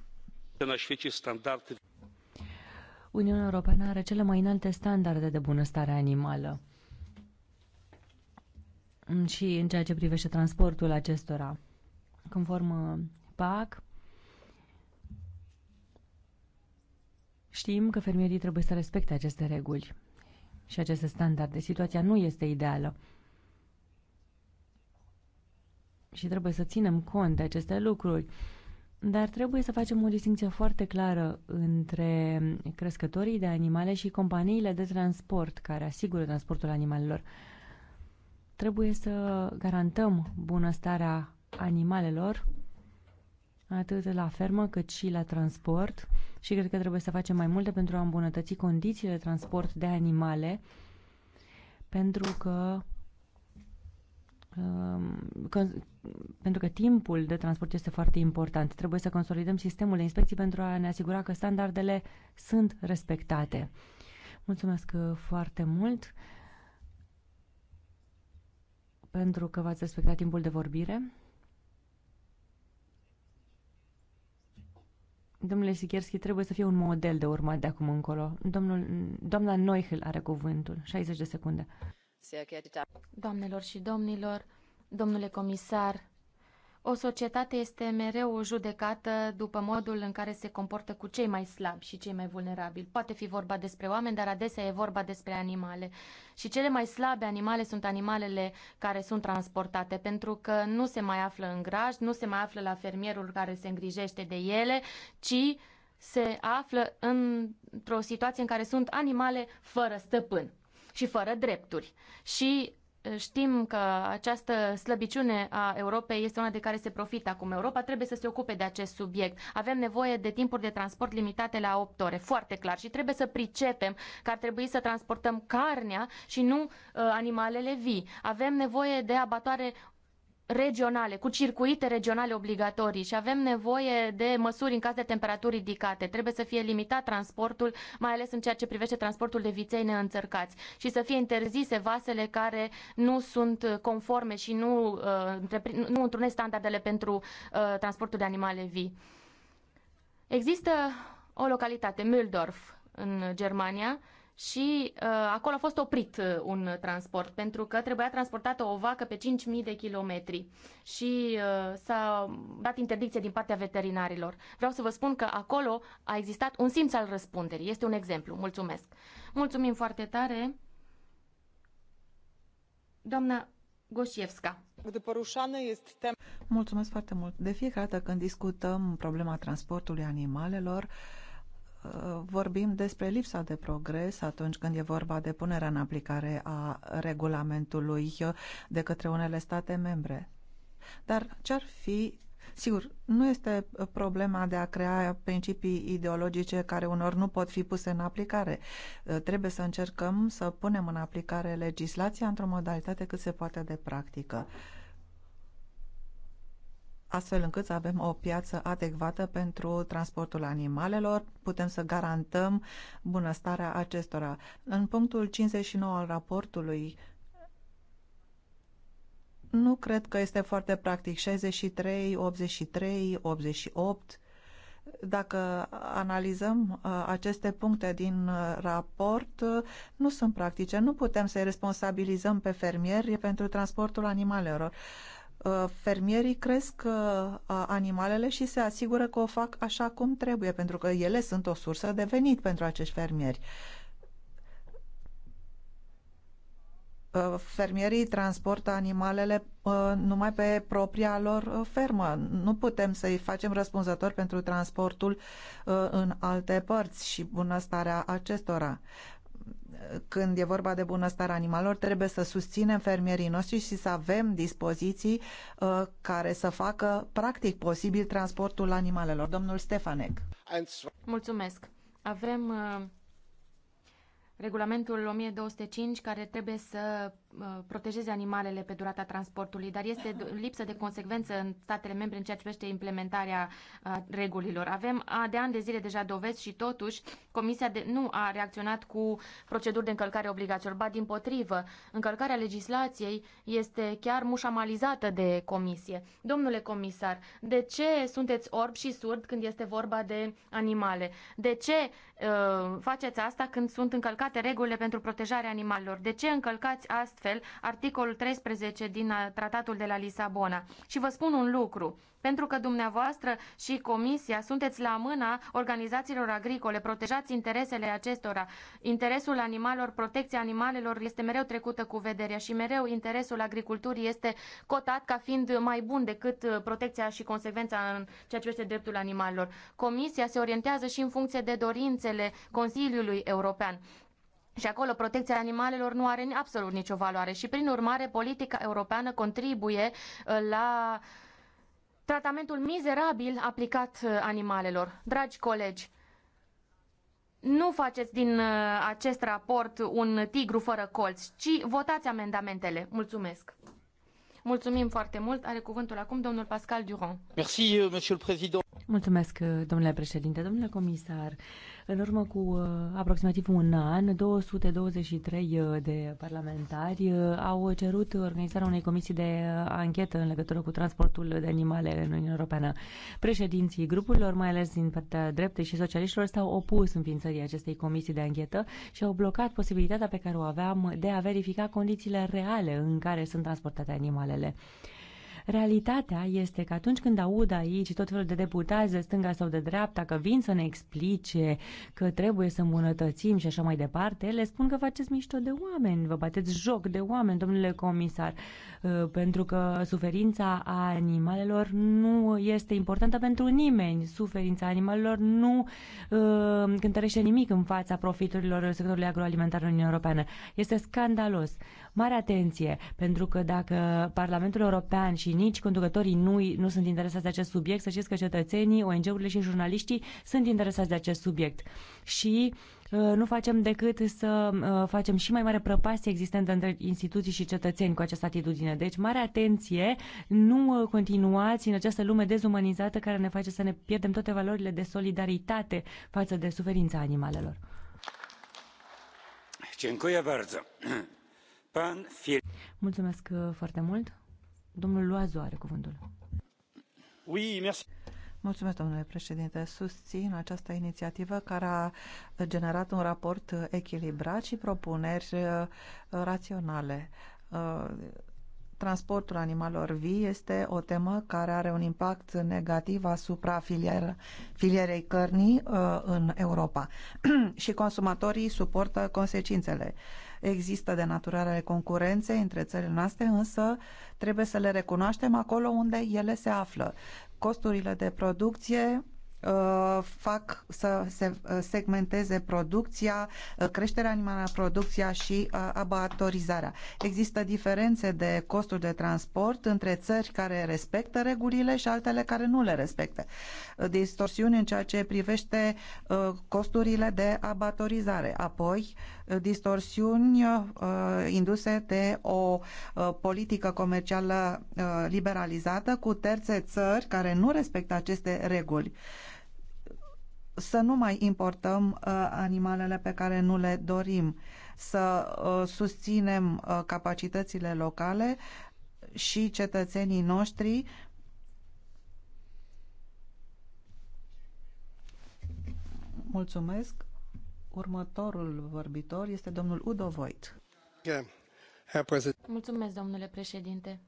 Uniunea Europeană are cele mai înalte standarde de bunăstare animală și în ceea ce privește transportul acestora. Conform uh, PAC, știm că fermierii trebuie să respecte aceste reguli și aceste standarde. Situația nu este ideală și trebuie să ținem cont de aceste lucruri. Dar trebuie să facem o distinție foarte clară între crescătorii de animale și companiile de transport care asigură transportul animalelor. Trebuie să garantăm bunăstarea animalelor atât la fermă cât și la transport și cred că trebuie să facem mai multe pentru a îmbunătăți condițiile de transport de animale pentru că Că, pentru că timpul de transport este foarte important. Trebuie să consolidăm sistemul de inspecții pentru a ne asigura că standardele sunt respectate. Mulțumesc uh, foarte mult pentru că v-ați respectat timpul de vorbire. Domnule Sikierski, trebuie să fie un model de urmat de acum încolo. Domnul, doamna Neuchel are cuvântul. 60 de secunde. Doamnelor și domnilor, domnule comisar, o societate este mereu judecată după modul în care se comportă cu cei mai slabi și cei mai vulnerabili. Poate fi vorba despre oameni, dar adesea e vorba despre animale. Și cele mai slabe animale sunt animalele care sunt transportate, pentru că nu se mai află în graj, nu se mai află la fermierul care se îngrijește de ele, ci se află într-o situație în care sunt animale fără stăpân și fără drepturi. Și Știm că această slăbiciune a Europei este una de care se profită acum. Europa trebuie să se ocupe de acest subiect. Avem nevoie de timpuri de transport limitate la 8 ore, foarte clar. Și trebuie să pricepem că ar trebui să transportăm carnea și nu uh, animalele vii. Avem nevoie de abatoare regionale, cu circuite regionale obligatorii și avem nevoie de măsuri în caz de temperaturi ridicate. Trebuie să fie limitat transportul, mai ales în ceea ce privește transportul de viței neînțărcați și să fie interzise vasele care nu sunt conforme și nu, uh, nu întrunesc standardele pentru uh, transportul de animale vii. Există o localitate, Mühldorf, în Germania, și uh, acolo a fost oprit uh, un transport pentru că trebuia transportată o vacă pe 5.000 de kilometri și uh, s-a dat interdicție din partea veterinarilor. Vreau să vă spun că acolo a existat un simț al răspunderii. Este un exemplu. Mulțumesc. Mulțumim foarte tare. Doamna Goșievska. Mulțumesc foarte mult. De fiecare dată când discutăm problema transportului animalelor, uh, vorbim despre lipsa de progres atunci când e vorba de punerea în aplicare a regulamentului de către unele state membre. Dar ce-ar fi Sigur, nu este problema de a crea principii ideologice care unor nu pot fi puse în aplicare. Trebuie să încercăm să punem în aplicare legislația într-o modalitate cât se poate de practică. Uh, astfel încât să avem o piață adecvată pentru transportul animalelor, putem să garantăm bunăstarea acestora. În punctul 59 al raportului nu cred că este foarte practic. 63, 83, 88. Dacă analizăm uh, aceste puncte din uh, raport, uh, nu sunt practice. Nu putem să-i responsabilizăm pe fermieri pentru transportul animalelor. Uh, fermierii cresc uh, uh, animalele și se asigură că o fac așa cum trebuie, pentru că ele sunt o sursă de venit pentru acești fermieri. fermierii transportă animalele numai pe propria lor fermă. Nu putem să-i facem răspunzători pentru transportul în alte părți și bunăstarea acestora când e vorba de bunăstarea animalelor, trebuie să susținem fermierii noștri și să avem dispoziții uh, care să facă practic posibil transportul animalelor. Domnul Stefanec. Mulțumesc. Avem uh, regulamentul 1205 care trebuie să Uh, protejeze animalele pe durata transportului, dar este lipsă de consecvență în statele membre în ceea ce privește implementarea uh, regulilor. Avem de ani de zile deja dovezi și totuși Comisia de, nu a reacționat cu proceduri de încălcare obligatorie, ba din potrivă, încălcarea legislației este chiar mușamalizată de Comisie. Domnule comisar, de ce sunteți orb și surd când este vorba de animale? De ce uh, faceți asta când sunt încălcate regulile pentru protejarea animalelor? De ce încălcați astfel astfel articolul 13 din uh, tratatul de la Lisabona. Și vă spun un lucru, pentru că dumneavoastră și Comisia sunteți la mâna organizațiilor agricole, protejați interesele acestora. Interesul animalelor, protecția animalelor este mereu trecută cu vederea și mereu interesul agriculturii este cotat ca fiind mai bun decât uh, protecția și consecvența în ceea ce este dreptul animalelor. Comisia se orientează și în funcție de dorințele Consiliului European. Și acolo protecția animalelor nu are absolut nicio valoare și prin urmare politica europeană contribuie uh, la tratamentul mizerabil aplicat uh, animalelor. Dragi colegi, nu faceți din uh, acest raport un tigru fără colți, ci votați amendamentele. Mulțumesc! Mulțumim foarte mult. Are cuvântul acum domnul Pascal Durand. Merci, euh, monsieur le président. Mulțumesc, uh, domnule președinte. Domnule comisar, în urmă cu uh, aproximativ un an, 223 uh, de parlamentari au cerut organizarea unei comisii de anchetă în legătură cu transportul de animale în Uniunea Europeană. Președinții grupurilor, mai ales din partea dreptei și socialiștilor, s-au opus înființării acestei comisii de anchetă și au blocat posibilitatea pe care o aveam de a verifica condițiile reale în care sunt transportate animalele. Realitatea este că atunci când aud aici tot felul de deputați de stânga sau de dreapta că vin să ne explice că trebuie să îmbunătățim și așa mai departe, le spun că faceți mișto de oameni, vă bateți joc de oameni, domnule comisar, ă, pentru că suferința animalelor nu este importantă pentru nimeni. Suferința animalelor nu ă, cântărește nimic în fața profiturilor sectorului agroalimentar în Uniunea Europeană. Este scandalos mare atenție, pentru că dacă Parlamentul European și nici conducătorii nu, nu sunt interesați de acest subiect, să știți că cetățenii, ONG-urile și jurnaliștii sunt interesați de acest subiect. Și uh, nu facem decât să uh, facem și mai mare prăpastie existentă între instituții și cetățeni cu această atitudine. Deci, mare atenție, nu uh, continuați în această lume dezumanizată care ne face să ne pierdem toate valorile de solidaritate față de suferința animalelor. Dziękuję bardzo. Mulțumesc uh, foarte mult. Domnul Loazu are cuvântul. Oui, merci. Mulțumesc, domnule președinte. Susțin această inițiativă care a generat un raport uh, echilibrat și propuneri uh, raționale. Transportul animalelor vii este o temă care are un impact negativ asupra filier, filierei cărnii în Europa și consumatorii suportă consecințele există de naturare concurenței între țările noastre, însă trebuie să le recunoaștem acolo unde ele se află. Costurile de producție Uh, fac să se uh, segmenteze producția, uh, creșterea animală, producția și abatorizarea. Există diferențe de costuri de transport între țări care respectă regulile și altele care nu le respectă. Distorsiuni în ceea ce privește costurile de abatorizare. Apoi, distorsiuni induse de o politică comercială liberalizată cu terțe țări care nu respectă aceste reguli să nu mai importăm uh, animalele pe care nu le dorim, să uh, susținem uh, capacitățile locale și cetățenii noștri Mulțumesc. Următorul vorbitor este domnul Udo Voit. Mulțumesc, domnule președinte.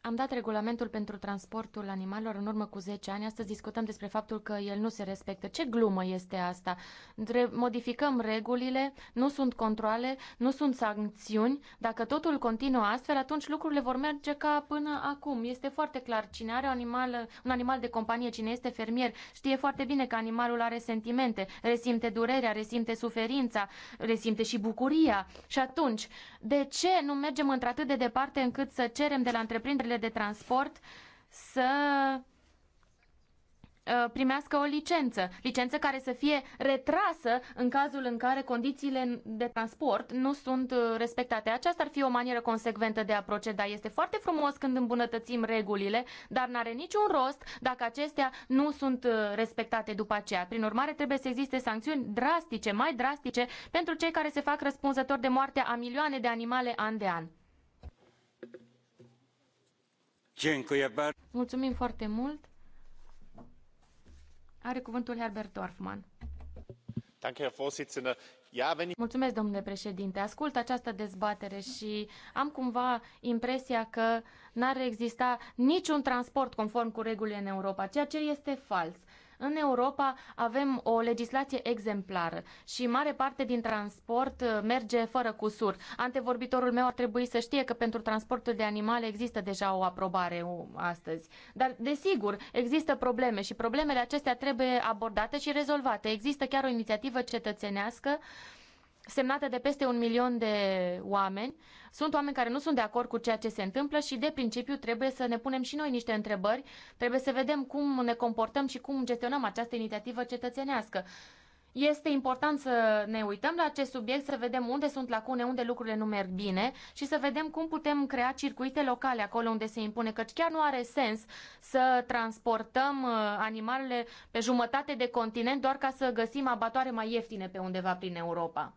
Am dat regulamentul pentru transportul animalelor în urmă cu 10 ani. Astăzi discutăm despre faptul că el nu se respectă. Ce glumă este asta? Dre- modificăm regulile, nu sunt controle, nu sunt sancțiuni. Dacă totul continuă astfel, atunci lucrurile vor merge ca până acum. Este foarte clar. Cine are un animal, un animal de companie, cine este fermier, știe foarte bine că animalul are sentimente, resimte durerea, resimte suferința, resimte și bucuria. Și atunci, de ce nu mergem într-atât de departe încât să cerem de la întreprinderile de transport să uh, primească o licență, licență care să fie retrasă în cazul în care condițiile de transport nu sunt uh, respectate. Aceasta ar fi o manieră consecventă de a proceda. Este foarte frumos când îmbunătățim regulile, dar n-are niciun rost dacă acestea nu sunt uh, respectate după aceea. Prin urmare, trebuie să existe sancțiuni drastice, mai drastice, pentru cei care se fac răspunzători de moartea a milioane de animale an de an. Mulțumim foarte mult. Are cuvântul Herbert Dorfman. Mulțumesc, domnule președinte. Ascult această dezbatere și am cumva impresia că n-ar exista niciun transport conform cu regulile în Europa, ceea ce este fals. În Europa avem o legislație exemplară și mare parte din transport uh, merge fără cusur. Antevorbitorul meu ar trebui să știe că pentru transportul de animale există deja o aprobare uh, astăzi. Dar, desigur, există probleme și problemele acestea trebuie abordate și rezolvate. Există chiar o inițiativă cetățenească uh, semnată de peste un milion de oameni. Sunt oameni care nu sunt de acord cu ceea ce se întâmplă și, de principiu, trebuie să ne punem și noi niște întrebări, trebuie să vedem cum ne comportăm și cum gestionăm această inițiativă cetățenească. Este important să ne uităm la acest subiect, să vedem unde sunt lacune, unde lucrurile nu merg bine și să vedem cum putem crea circuite locale acolo unde se impune, căci chiar nu are sens să transportăm uh, animalele pe jumătate de continent doar ca să găsim abatoare mai ieftine pe undeva prin Europa.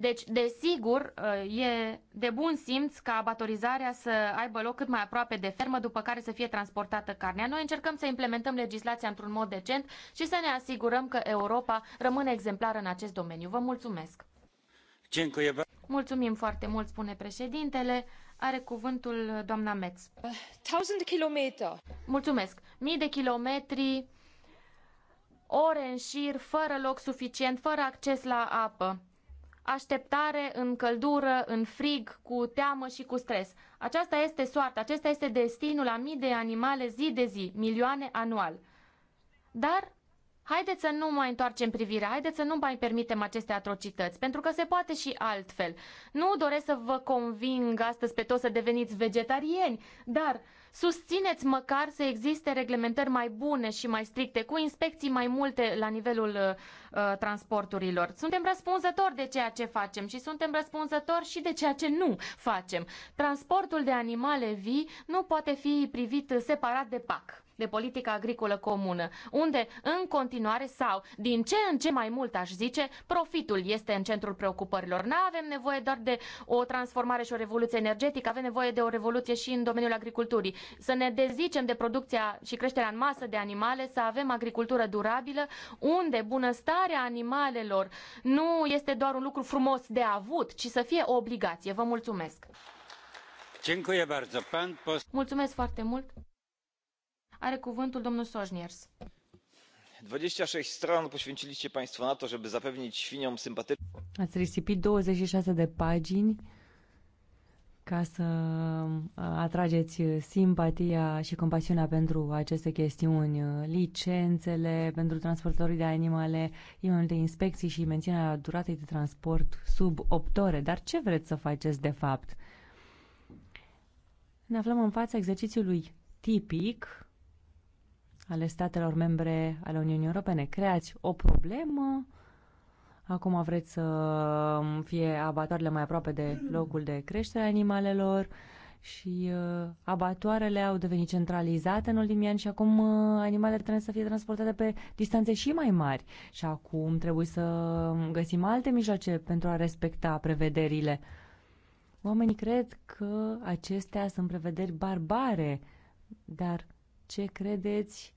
Deci, desigur, e de bun simț ca abatorizarea să aibă loc cât mai aproape de fermă, după care să fie transportată carnea. Noi încercăm să implementăm legislația într-un mod decent și să ne asigurăm că Europa rămâne exemplară în acest domeniu. Vă mulțumesc! Mulțumim foarte mult, spune președintele. Are cuvântul doamna Metz. Mulțumesc! Mii de kilometri, ore în șir, fără loc suficient, fără acces la apă așteptare în căldură, în frig, cu teamă și cu stres. Aceasta este soarta, acesta este destinul a mii de animale zi de zi, milioane anual. Dar haideți să nu mai întoarcem privirea, haideți să nu mai permitem aceste atrocități, pentru că se poate și altfel. Nu doresc să vă conving astăzi pe toți să deveniți vegetarieni, dar susțineți măcar să existe reglementări mai bune și mai stricte, cu inspecții mai multe la nivelul uh, uh, transporturilor. Suntem răspunzători de ceea ce facem și suntem răspunzători și de ceea ce nu facem. Transportul de animale vii nu poate fi privit separat de PAC de politică agricolă comună, unde în continuare sau din ce în ce mai mult, aș zice, profitul este în centrul preocupărilor. Nu avem nevoie doar de o transformare și o revoluție energetică, avem nevoie de o revoluție și în domeniul agriculturii. Să ne dezicem de producția și creșterea în masă de animale, să avem agricultură durabilă, unde bunăstarea animalelor nu este doar un lucru frumos de avut, ci să fie o obligație. Vă mulțumesc! Mulțumesc foarte mult! Are cuvântul domnul Soșniers. 26 stron poświęciliście państwo na to, żeby zapewnić świniom sympatyczne. Ați risipit 26 de pagini ca să uh, atrageți simpatia și compasiunea pentru aceste chestiuni, uh, licențele pentru transportatorii de animale, imunite inspecții și menținerea duratei de transport sub 8 ore. Dar ce vreți să faceți de fapt? Ne aflăm în fața exercițiului tipic ale statelor membre ale Uniunii Europene. Creați o problemă, acum vreți să fie abatoarele mai aproape de locul de creștere a animalelor și uh, abatoarele au devenit centralizate în ultimii ani și acum uh, animalele trebuie să fie transportate pe distanțe și mai mari și acum trebuie să găsim alte mijloace pentru a respecta prevederile. Oamenii cred că acestea sunt prevederi barbare, dar ce credeți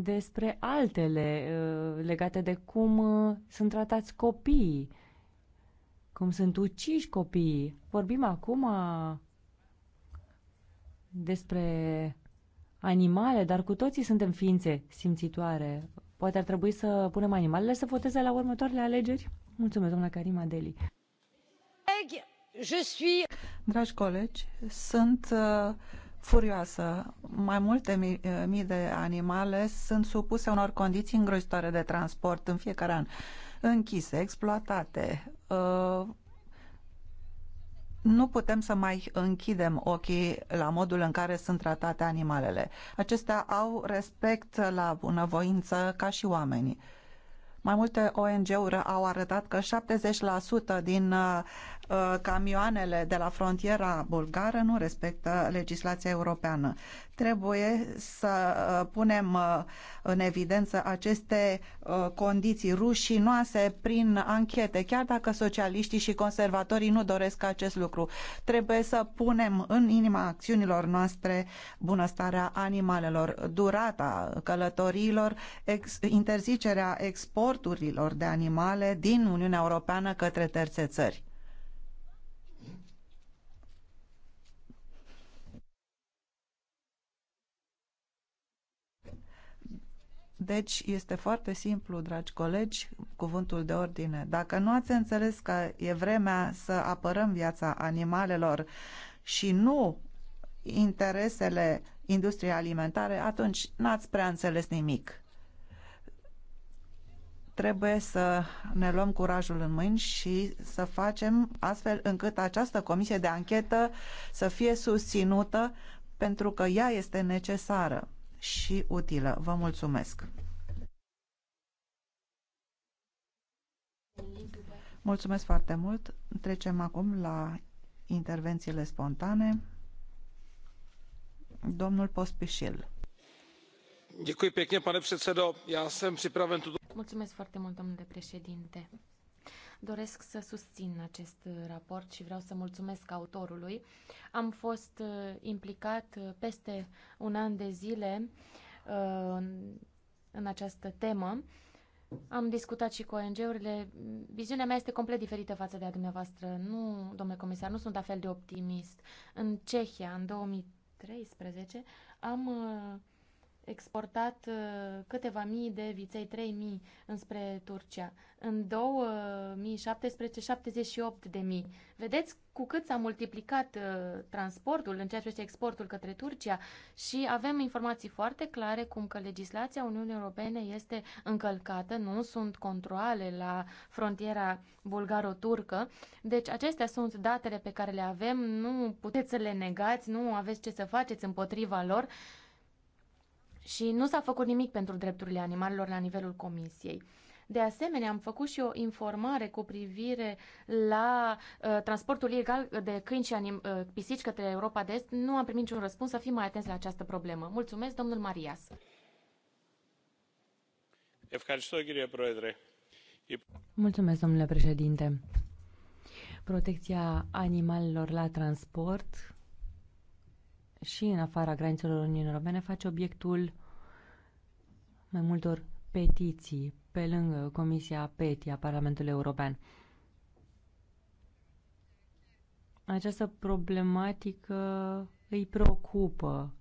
despre altele uh, legate de cum uh, sunt tratați copiii, cum sunt uciși copiii. Vorbim acum uh, despre animale, dar cu toții suntem ființe simțitoare. Poate ar trebui să punem animalele să voteze la următoarele alegeri? Mulțumesc, doamna Karima Deli. Dragi colegi, sunt uh, furioasă. Mai multe mii, eh, mii de animale sunt supuse unor condiții îngrozitoare de transport în fiecare an. Închise, exploatate. Eh, nu putem să mai închidem ochii la modul în care sunt tratate animalele. Acestea au respect la bunăvoință ca și oamenii. Mai multe ONG-uri au arătat că 70% din eh, Uh, camioanele de la frontiera bulgară nu respectă legislația europeană. Trebuie să uh, punem uh, în evidență aceste condiții rușinoase prin anchete, chiar dacă socialiștii și conservatorii nu doresc acest lucru. Trebuie să punem în inima acțiunilor noastre bunăstarea animalelor, durata călătoriilor, ex, interzicerea exporturilor de animale din Uniunea Europeană către terțe țări. Deci este foarte simplu, dragi colegi, cuvântul de ordine. Dacă nu ați înțeles că e vremea să apărăm viața animalelor și nu interesele industriei alimentare, atunci n-ați prea înțeles nimic. Trebuie să ne luăm curajul în mâini și să facem astfel încât această comisie de anchetă să fie susținută pentru că ea este necesară și utilă. Vă mulțumesc! Mulțumesc foarte mult! Trecem acum la intervențiile spontane. Domnul Pospișil. Mulțumesc foarte mult, domnule președinte Doresc să susțin acest uh, raport și vreau să mulțumesc autorului. Am fost uh, implicat uh, peste un an de zile în această temă. Am discutat și cu ONG-urile. Viziunea mea este complet diferită față de a dumneavoastră. Nu, domnule comisar, nu sunt la fel de optimist. În Cehia, în 2013, am exportat uh, câteva mii de viței, 3000 înspre Turcia. În 2017, 78 de mii. Vedeți cu cât s-a multiplicat uh, transportul în ceea ce este exportul către Turcia și avem informații foarte clare cum că legislația Uniunii Europene este încălcată, nu sunt controle la frontiera bulgaro-turcă. Deci acestea sunt datele pe care le avem, nu puteți să le negați, nu aveți ce să faceți împotriva lor și nu s-a făcut nimic pentru drepturile animalelor la nivelul comisiei. De asemenea, am făcut și o informare cu privire la uh, transportul ilegal de câini și anim, uh, pisici către Europa de Est. Nu am primit niciun răspuns, să fim mai atenți la această problemă. Mulțumesc, domnul Marias. Mulțumesc, domnule președinte. Protecția animalelor la transport și în afara granițelor Uniunii Europene face obiectul mai multor petiții pe lângă Comisia PETI a Parlamentului European. Această problematică îi preocupă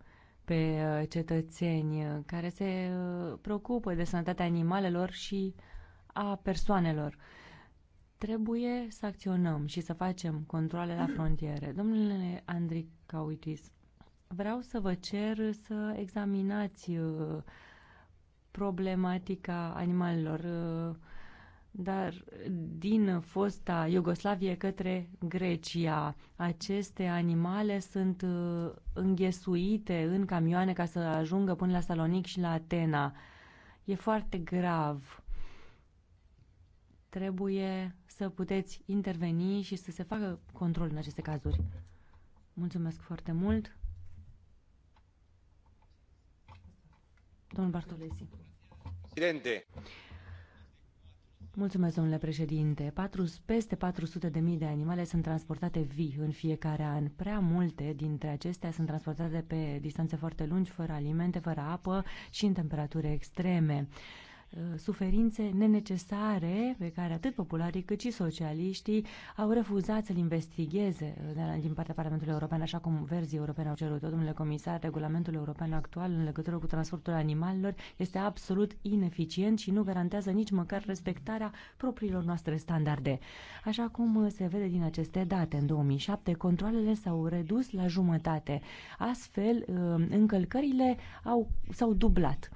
pe uh, cetățeni care se uh, preocupă de sănătatea animalelor și a persoanelor. Trebuie să acționăm și să facem controle la frontiere. Domnule Andric Cauitis, Vreau să vă cer să examinați uh, problematica animalelor, uh, dar din fosta Iugoslavie către Grecia, aceste animale sunt uh, înghesuite în camioane ca să ajungă până la Salonic și la Atena. E foarte grav. Trebuie să puteți interveni și să se facă control în aceste cazuri. Mulțumesc foarte mult! Domnul Bartolesi. Mulțumesc, domnule președinte. Patru, peste 400 de mii de animale sunt transportate vii în fiecare an. Prea multe dintre acestea sunt transportate pe distanțe foarte lungi, fără alimente, fără apă și în temperaturi extreme. Uh, Uh, suferințe nenecesare pe care atât popularii cât și socialiștii au refuzat să-l investigheze uh, din partea Parlamentului European, așa cum verzii europene au cerut. Domnule comisar, regulamentul european actual în legătură cu transportul animalelor este absolut ineficient și nu garantează nici măcar respectarea propriilor noastre standarde. Așa cum uh, se vede din aceste date, în 2007 controlele s-au redus la jumătate. Astfel, încălcările au, s-au dublat.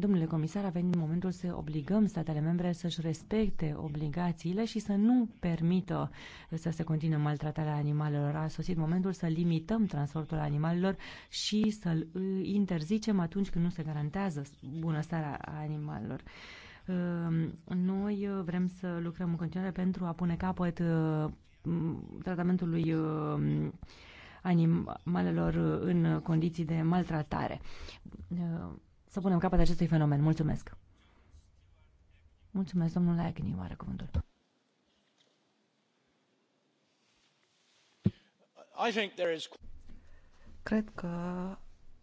Domnule comisar, a venit momentul să obligăm statele membre să-și respecte obligațiile și să nu permită să se continue maltratarea animalelor. A sosit momentul să limităm transportul animalelor și să-l interzicem atunci când nu se garantează bunăstarea animalelor. Ehm, noi vrem să lucrăm în continuare pentru a pune capăt ehm, tratamentului ehm, animalelor în condiții de maltratare să punem capăt acestui fenomen. Mulțumesc! Mulțumesc, domnule Agnew, are cuvântul. Cred că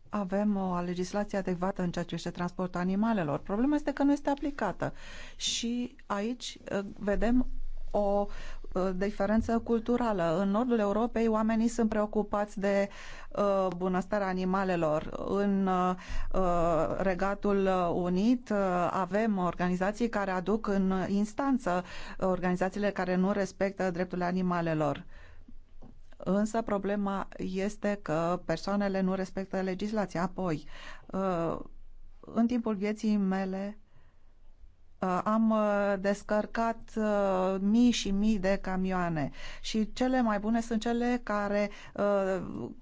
avem o legislație adecvată în ceea ce este transportul animalelor. Problema este că nu este aplicată. Și aici eh, vedem o uh, diferență culturală. În nordul Europei oamenii sunt preocupați de uh, bunăstarea animalelor. În uh, Regatul Unit uh, avem organizații care aduc în instanță organizațiile care nu respectă drepturile animalelor. Însă problema este că persoanele nu respectă legislația. Apoi, uh, în timpul vieții mele Uh, am uh, descărcat uh, mii și mii de camioane și cele mai bune sunt cele care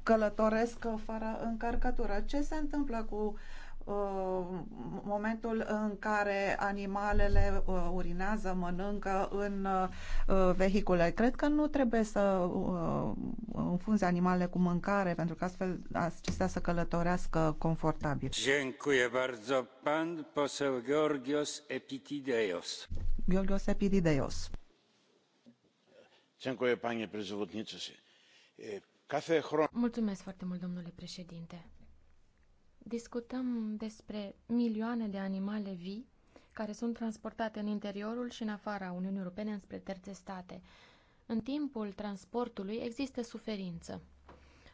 călătoresc fără încărcătură. Ce se întâmplă cu Uh, momentul în care animalele uh, urinează, mănâncă în uh, vehicule. Cred că nu trebuie să înfunzi animalele cu mâncare, pentru că astfel acestea să călătorească confortabil. Dziękuję bardzo. Pan poseł Georgios Georgios Dziękuję, panie przewodniczący. Mulțumesc foarte mult, domnule președinte. Discutăm despre milioane de animale vii care sunt transportate în interiorul și în afara Uniunii Europene înspre terțe state. În timpul transportului există suferință.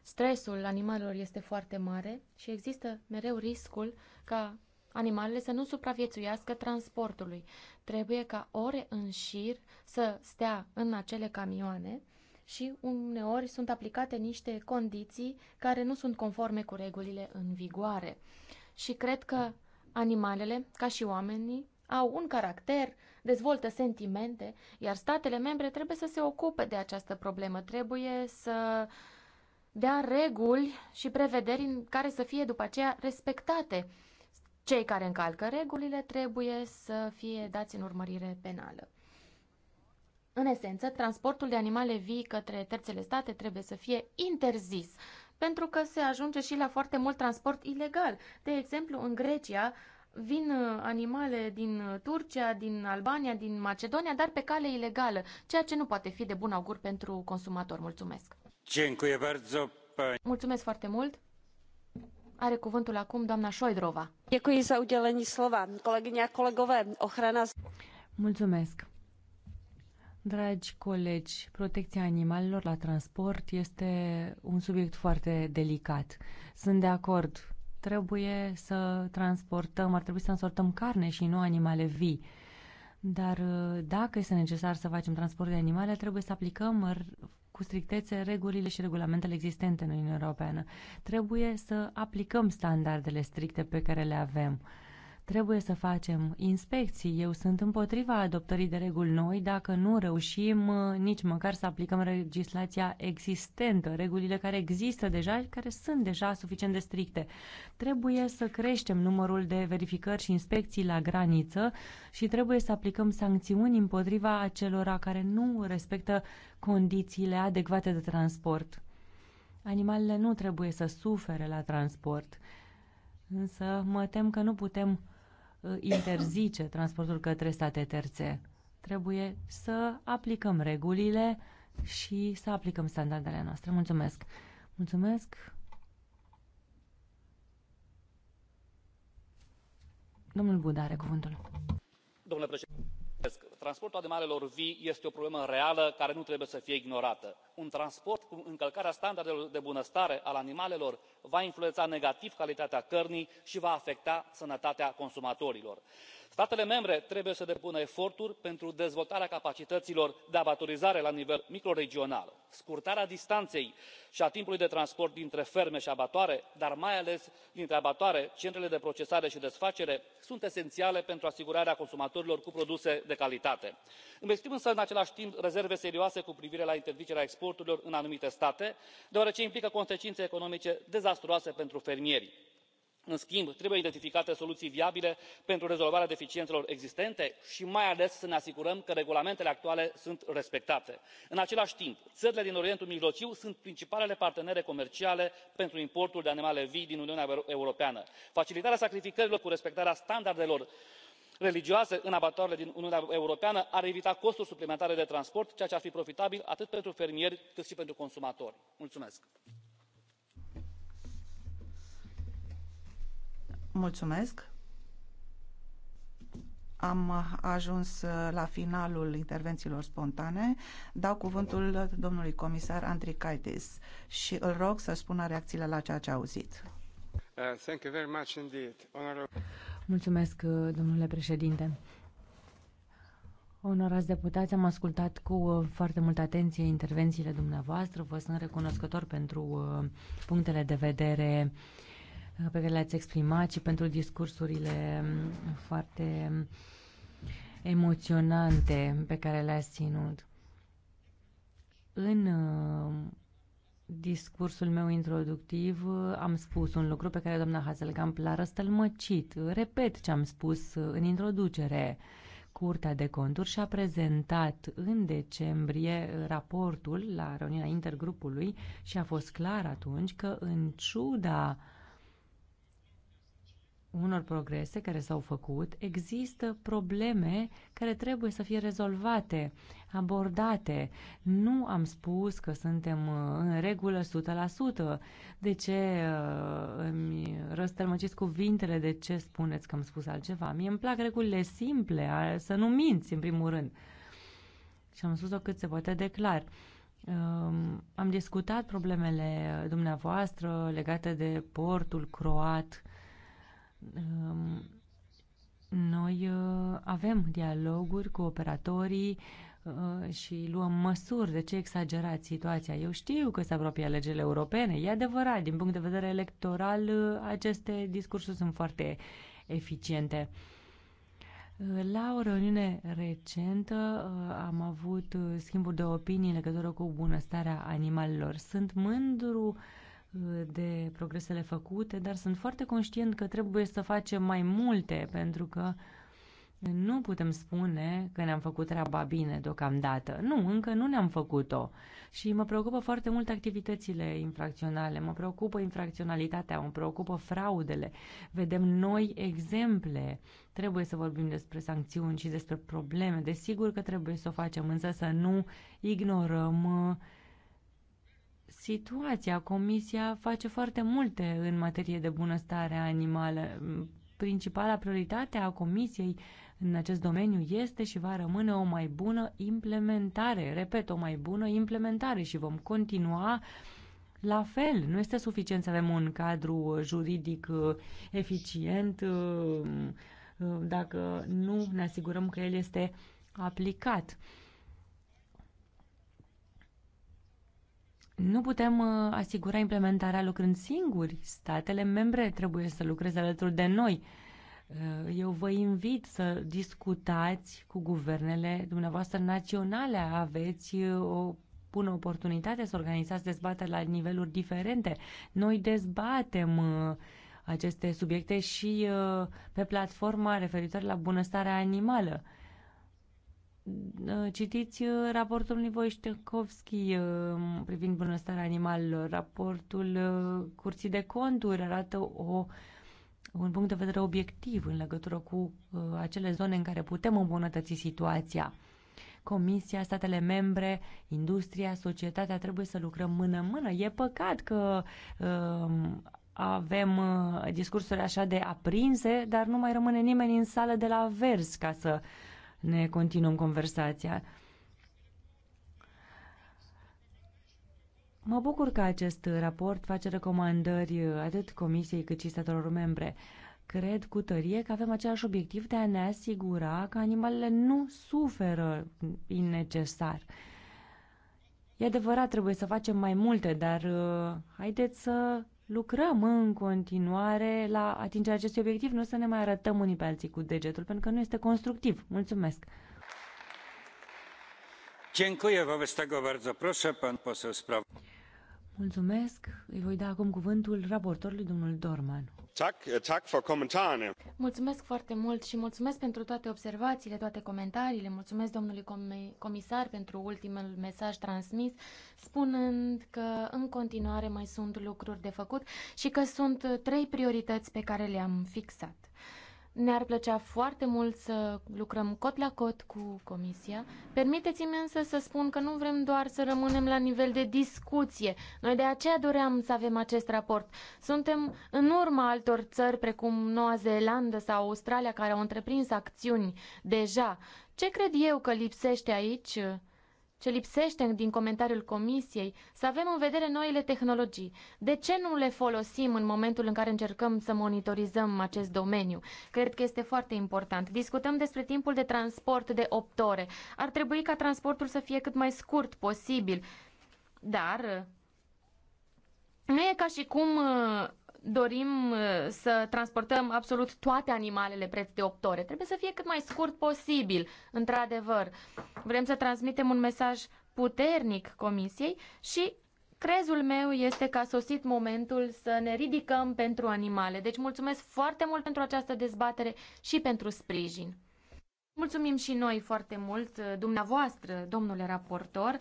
Stresul animalelor este foarte mare și există mereu riscul ca animalele să nu supraviețuiască transportului. Trebuie ca ore în șir să stea în acele camioane și uneori sunt aplicate niște condiții care nu sunt conforme cu regulile în vigoare. Și cred că animalele, ca și oamenii, au un caracter, dezvoltă sentimente, iar statele membre trebuie să se ocupe de această problemă, trebuie să dea reguli și prevederi în care să fie după aceea respectate. Cei care încalcă regulile trebuie să fie dați în urmărire penală. În esență, transportul de animale vii către terțele state trebuie să fie interzis, pentru că se ajunge și la foarte mult transport ilegal. De exemplu, în Grecia vin uh, animale din uh, Turcia, din Albania, din Macedonia, dar pe cale ilegală, ceea ce nu poate fi de bun augur pentru consumator. Mulțumesc! Mulțumesc foarte mult! Are cuvântul acum doamna Șoidrova. Mulțumesc! Dragi colegi, protecția animalelor la transport este un subiect foarte delicat. Sunt de acord. Trebuie să transportăm, ar trebui să transportăm carne și nu animale vii. Dar uh, dacă este necesar să facem transport de animale, trebuie să aplicăm cu strictețe regulile și regulamentele existente în Uniunea Europeană. Trebuie să aplicăm standardele stricte pe care le avem. Uh, Trebuie să facem inspecții. Eu sunt împotriva adoptării de reguli noi dacă nu reușim uh, nici măcar să aplicăm legislația existentă, regulile care există deja și care sunt deja suficient de stricte. Trebuie să creștem numărul de verificări și inspecții la graniță și trebuie să aplicăm sancțiuni împotriva acelora care nu respectă condițiile adecvate de transport. Animalele nu trebuie să sufere la transport, însă mă tem că nu putem Uh, interzice transportul către state terțe. Trebuie să aplicăm regulile și să aplicăm standardele noastre. Mulțumesc! Mulțumesc! Domnul Buda are cuvântul. Domnule președinte transportul animalelor vii este o problemă reală care nu trebuie să fie ignorată. un transport cu încălcarea standardelor de bunăstare al animalelor va influența negativ calitatea cărnii și va afecta sănătatea consumatorilor statele membre trebuie să depună eforturi pentru dezvoltarea capacităților de abatorizare la nivel microregional scurtarea distanței și a timpului de transport dintre ferme și abatoare dar mai ales dintre abatoare centrele de procesare și desfacere sunt esențiale pentru asigurarea consumatorilor cu produse de calitate. îmi exprim însă în același timp rezerve serioase cu privire la interzicerea exporturilor în anumite state deoarece implică consecințe economice dezastruoase pentru fermieri în schimb trebuie identificate soluții viabile pentru rezolvarea deficiențelor existente și mai ales să ne asigurăm că regulamentele actuale sunt respectate. în același timp țările din orientul mijlociu sunt principalele partenere comerciale pentru importul de animale vii din uniunea europeană. facilitarea sacrificărilor cu respectarea standardelor religioase în abatoarele din uniunea europeană ar evita costuri suplimentare de transport ceea ce ar fi profitabil atât pentru fermieri cât și pentru consumatori. mulțumesc. Mulțumesc. Am ajuns la finalul intervențiilor spontane. Dau cuvântul domnului comisar Andrikaitis și îl rog să spună reacțiile la ceea ce a auzit. Uh, Mulțumesc, uh, domnule președinte. Onorați deputați, am ascultat cu uh, foarte multă atenție intervențiile dumneavoastră. Vă sunt recunoscător pentru punctele de vedere uh, pe care le-ați exprimat și pentru discursurile mm, foarte mm, emoționante pe care le-ați ținut. În mm, discursul meu introductiv am spus un lucru pe care doamna Hazelgamp l-a răstălmăcit. Repet ce am spus în introducere. Curtea de Conturi și-a prezentat în decembrie raportul la reuniunea intergrupului și a fost clar atunci că în ciuda uh, unor progrese care s-au făcut, există probleme care trebuie să fie rezolvate, abordate. Nu am spus că suntem uh, în regulă 100%. De ce uh, îmi răstălmăciți cuvintele? De ce spuneți că am spus altceva? Mie îmi plac regulile simple, să nu minți, în primul rând. Și am spus-o cât se poate de clar. Um, am discutat problemele uh, dumneavoastră legate de portul croat, Um, noi uh, avem dialoguri cu operatorii uh, și luăm măsuri. De ce exagerați situația? Eu știu că se apropie alegerile europene, e adevărat. Din punct de vedere electoral, uh, aceste discursuri sunt foarte eficiente. La o reuniune recentă am avut schimburi de opinii în legătură cu bunăstarea animalelor. Sunt mândru uh, de progresele făcute, dar sunt foarte conștient că trebuie să facem mai multe, pentru că nu putem spune că ne-am făcut treaba bine deocamdată. Nu, încă nu ne-am făcut-o. Și mă preocupă foarte mult activitățile infracționale, mă preocupă infracționalitatea, mă preocupă fraudele. Vedem noi exemple. Trebuie să vorbim despre sancțiuni și despre probleme. Desigur că trebuie să o facem, însă să nu ignorăm uh, situația. Comisia face foarte multe în materie de bunăstare animală. Principala prioritate a Comisiei în acest domeniu este și va rămâne o mai bună implementare. Repet, o mai bună implementare și vom continua la fel. Nu este suficient să avem un cadru juridic uh, eficient uh, uh, dacă nu ne asigurăm că el este aplicat. Nu putem uh, asigura implementarea lucrând singuri. Statele membre trebuie să lucreze alături de noi. Uh, eu vă invit să discutați cu guvernele dumneavoastră naționale. Aveți uh, o bună oportunitate să organizați dezbateri la niveluri diferente. Noi dezbatem aceste subiecte și pe platforma referitoare la bunăstarea animală. Uh, citiți uh, raportul lui Wojciechowski uh, privind bunăstarea animalelor. Raportul Curții de Conturi arată o, un punct de vedere obiectiv în legătură cu acele zone în care putem îmbunătăți situația. Comisia, statele membre, industria, societatea trebuie să lucrăm mână-mână. E păcat că um, avem discursuri așa de aprinse, dar nu mai rămâne nimeni în sală de la vers ca să uh, ne continuăm conversația. Mă bucur că acest raport face recomandări atât Comisiei cât și statelor membre. Cred cu tărie că avem același obiectiv de a ne asigura că animalele nu suferă innecesar. E adevărat, trebuie să facem mai multe, dar uh, haideți să lucrăm în continuare la atingerea acestui obiectiv, nu să ne mai arătăm unii pe alții cu degetul, pentru că nu este constructiv. Mulțumesc! Dziękuję wobec tego bardzo proszę pan poseł sprawozdawca. Mulțumesc. Îi voi da acum cuvântul raportorului, domnul Dorman. Mulțumesc foarte mult și mulțumesc pentru toate observațiile, toate comentariile. Mulțumesc domnului comisar pentru ultimul mesaj transmis, spunând că în continuare mai sunt lucruri de făcut și că sunt trei priorități pe care le-am fixat. Ne-ar plăcea foarte mult să lucrăm cot la cot cu Comisia. Permiteți-mi însă să spun că nu vrem doar să rămânem la nivel de discuție. Noi de aceea doream să avem acest raport. Suntem în urma altor țări precum Noua Zeelandă sau Australia care au întreprins acțiuni deja. Ce cred eu că lipsește aici? ce lipsește din comentariul Comisiei, să avem în vedere noile tehnologii. De ce nu le folosim în momentul în care încercăm să monitorizăm acest domeniu? Cred că este foarte important. Discutăm despre timpul de transport de 8 ore. Ar trebui ca transportul să fie cât mai scurt posibil. Dar nu e ca și cum uh, dorim uh, să transportăm absolut toate animalele preț de 8 ore. Trebuie să fie cât mai scurt posibil, într-adevăr. Vrem să transmitem un mesaj puternic comisiei și crezul meu este că a sosit momentul să ne ridicăm pentru animale. Deci mulțumesc foarte mult pentru această dezbatere și pentru sprijin. Mulțumim și noi foarte mult, uh, dumneavoastră, domnule raportor.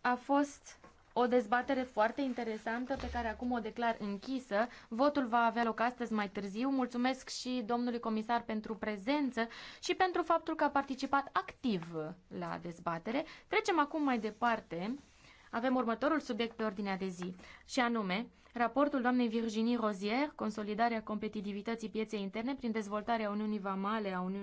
A fost o dezbatere foarte interesantă pe care acum o declar închisă. Votul va avea loc astăzi mai târziu. Mulțumesc și domnului comisar pentru prezență și pentru faptul că a participat activ la dezbatere. Trecem acum mai departe. Avem următorul subiect pe ordinea de zi, și anume raportul doamnei Virginie Rozier, consolidarea competitivității pieței interne prin dezvoltarea Uniunii Vamale a Uniunii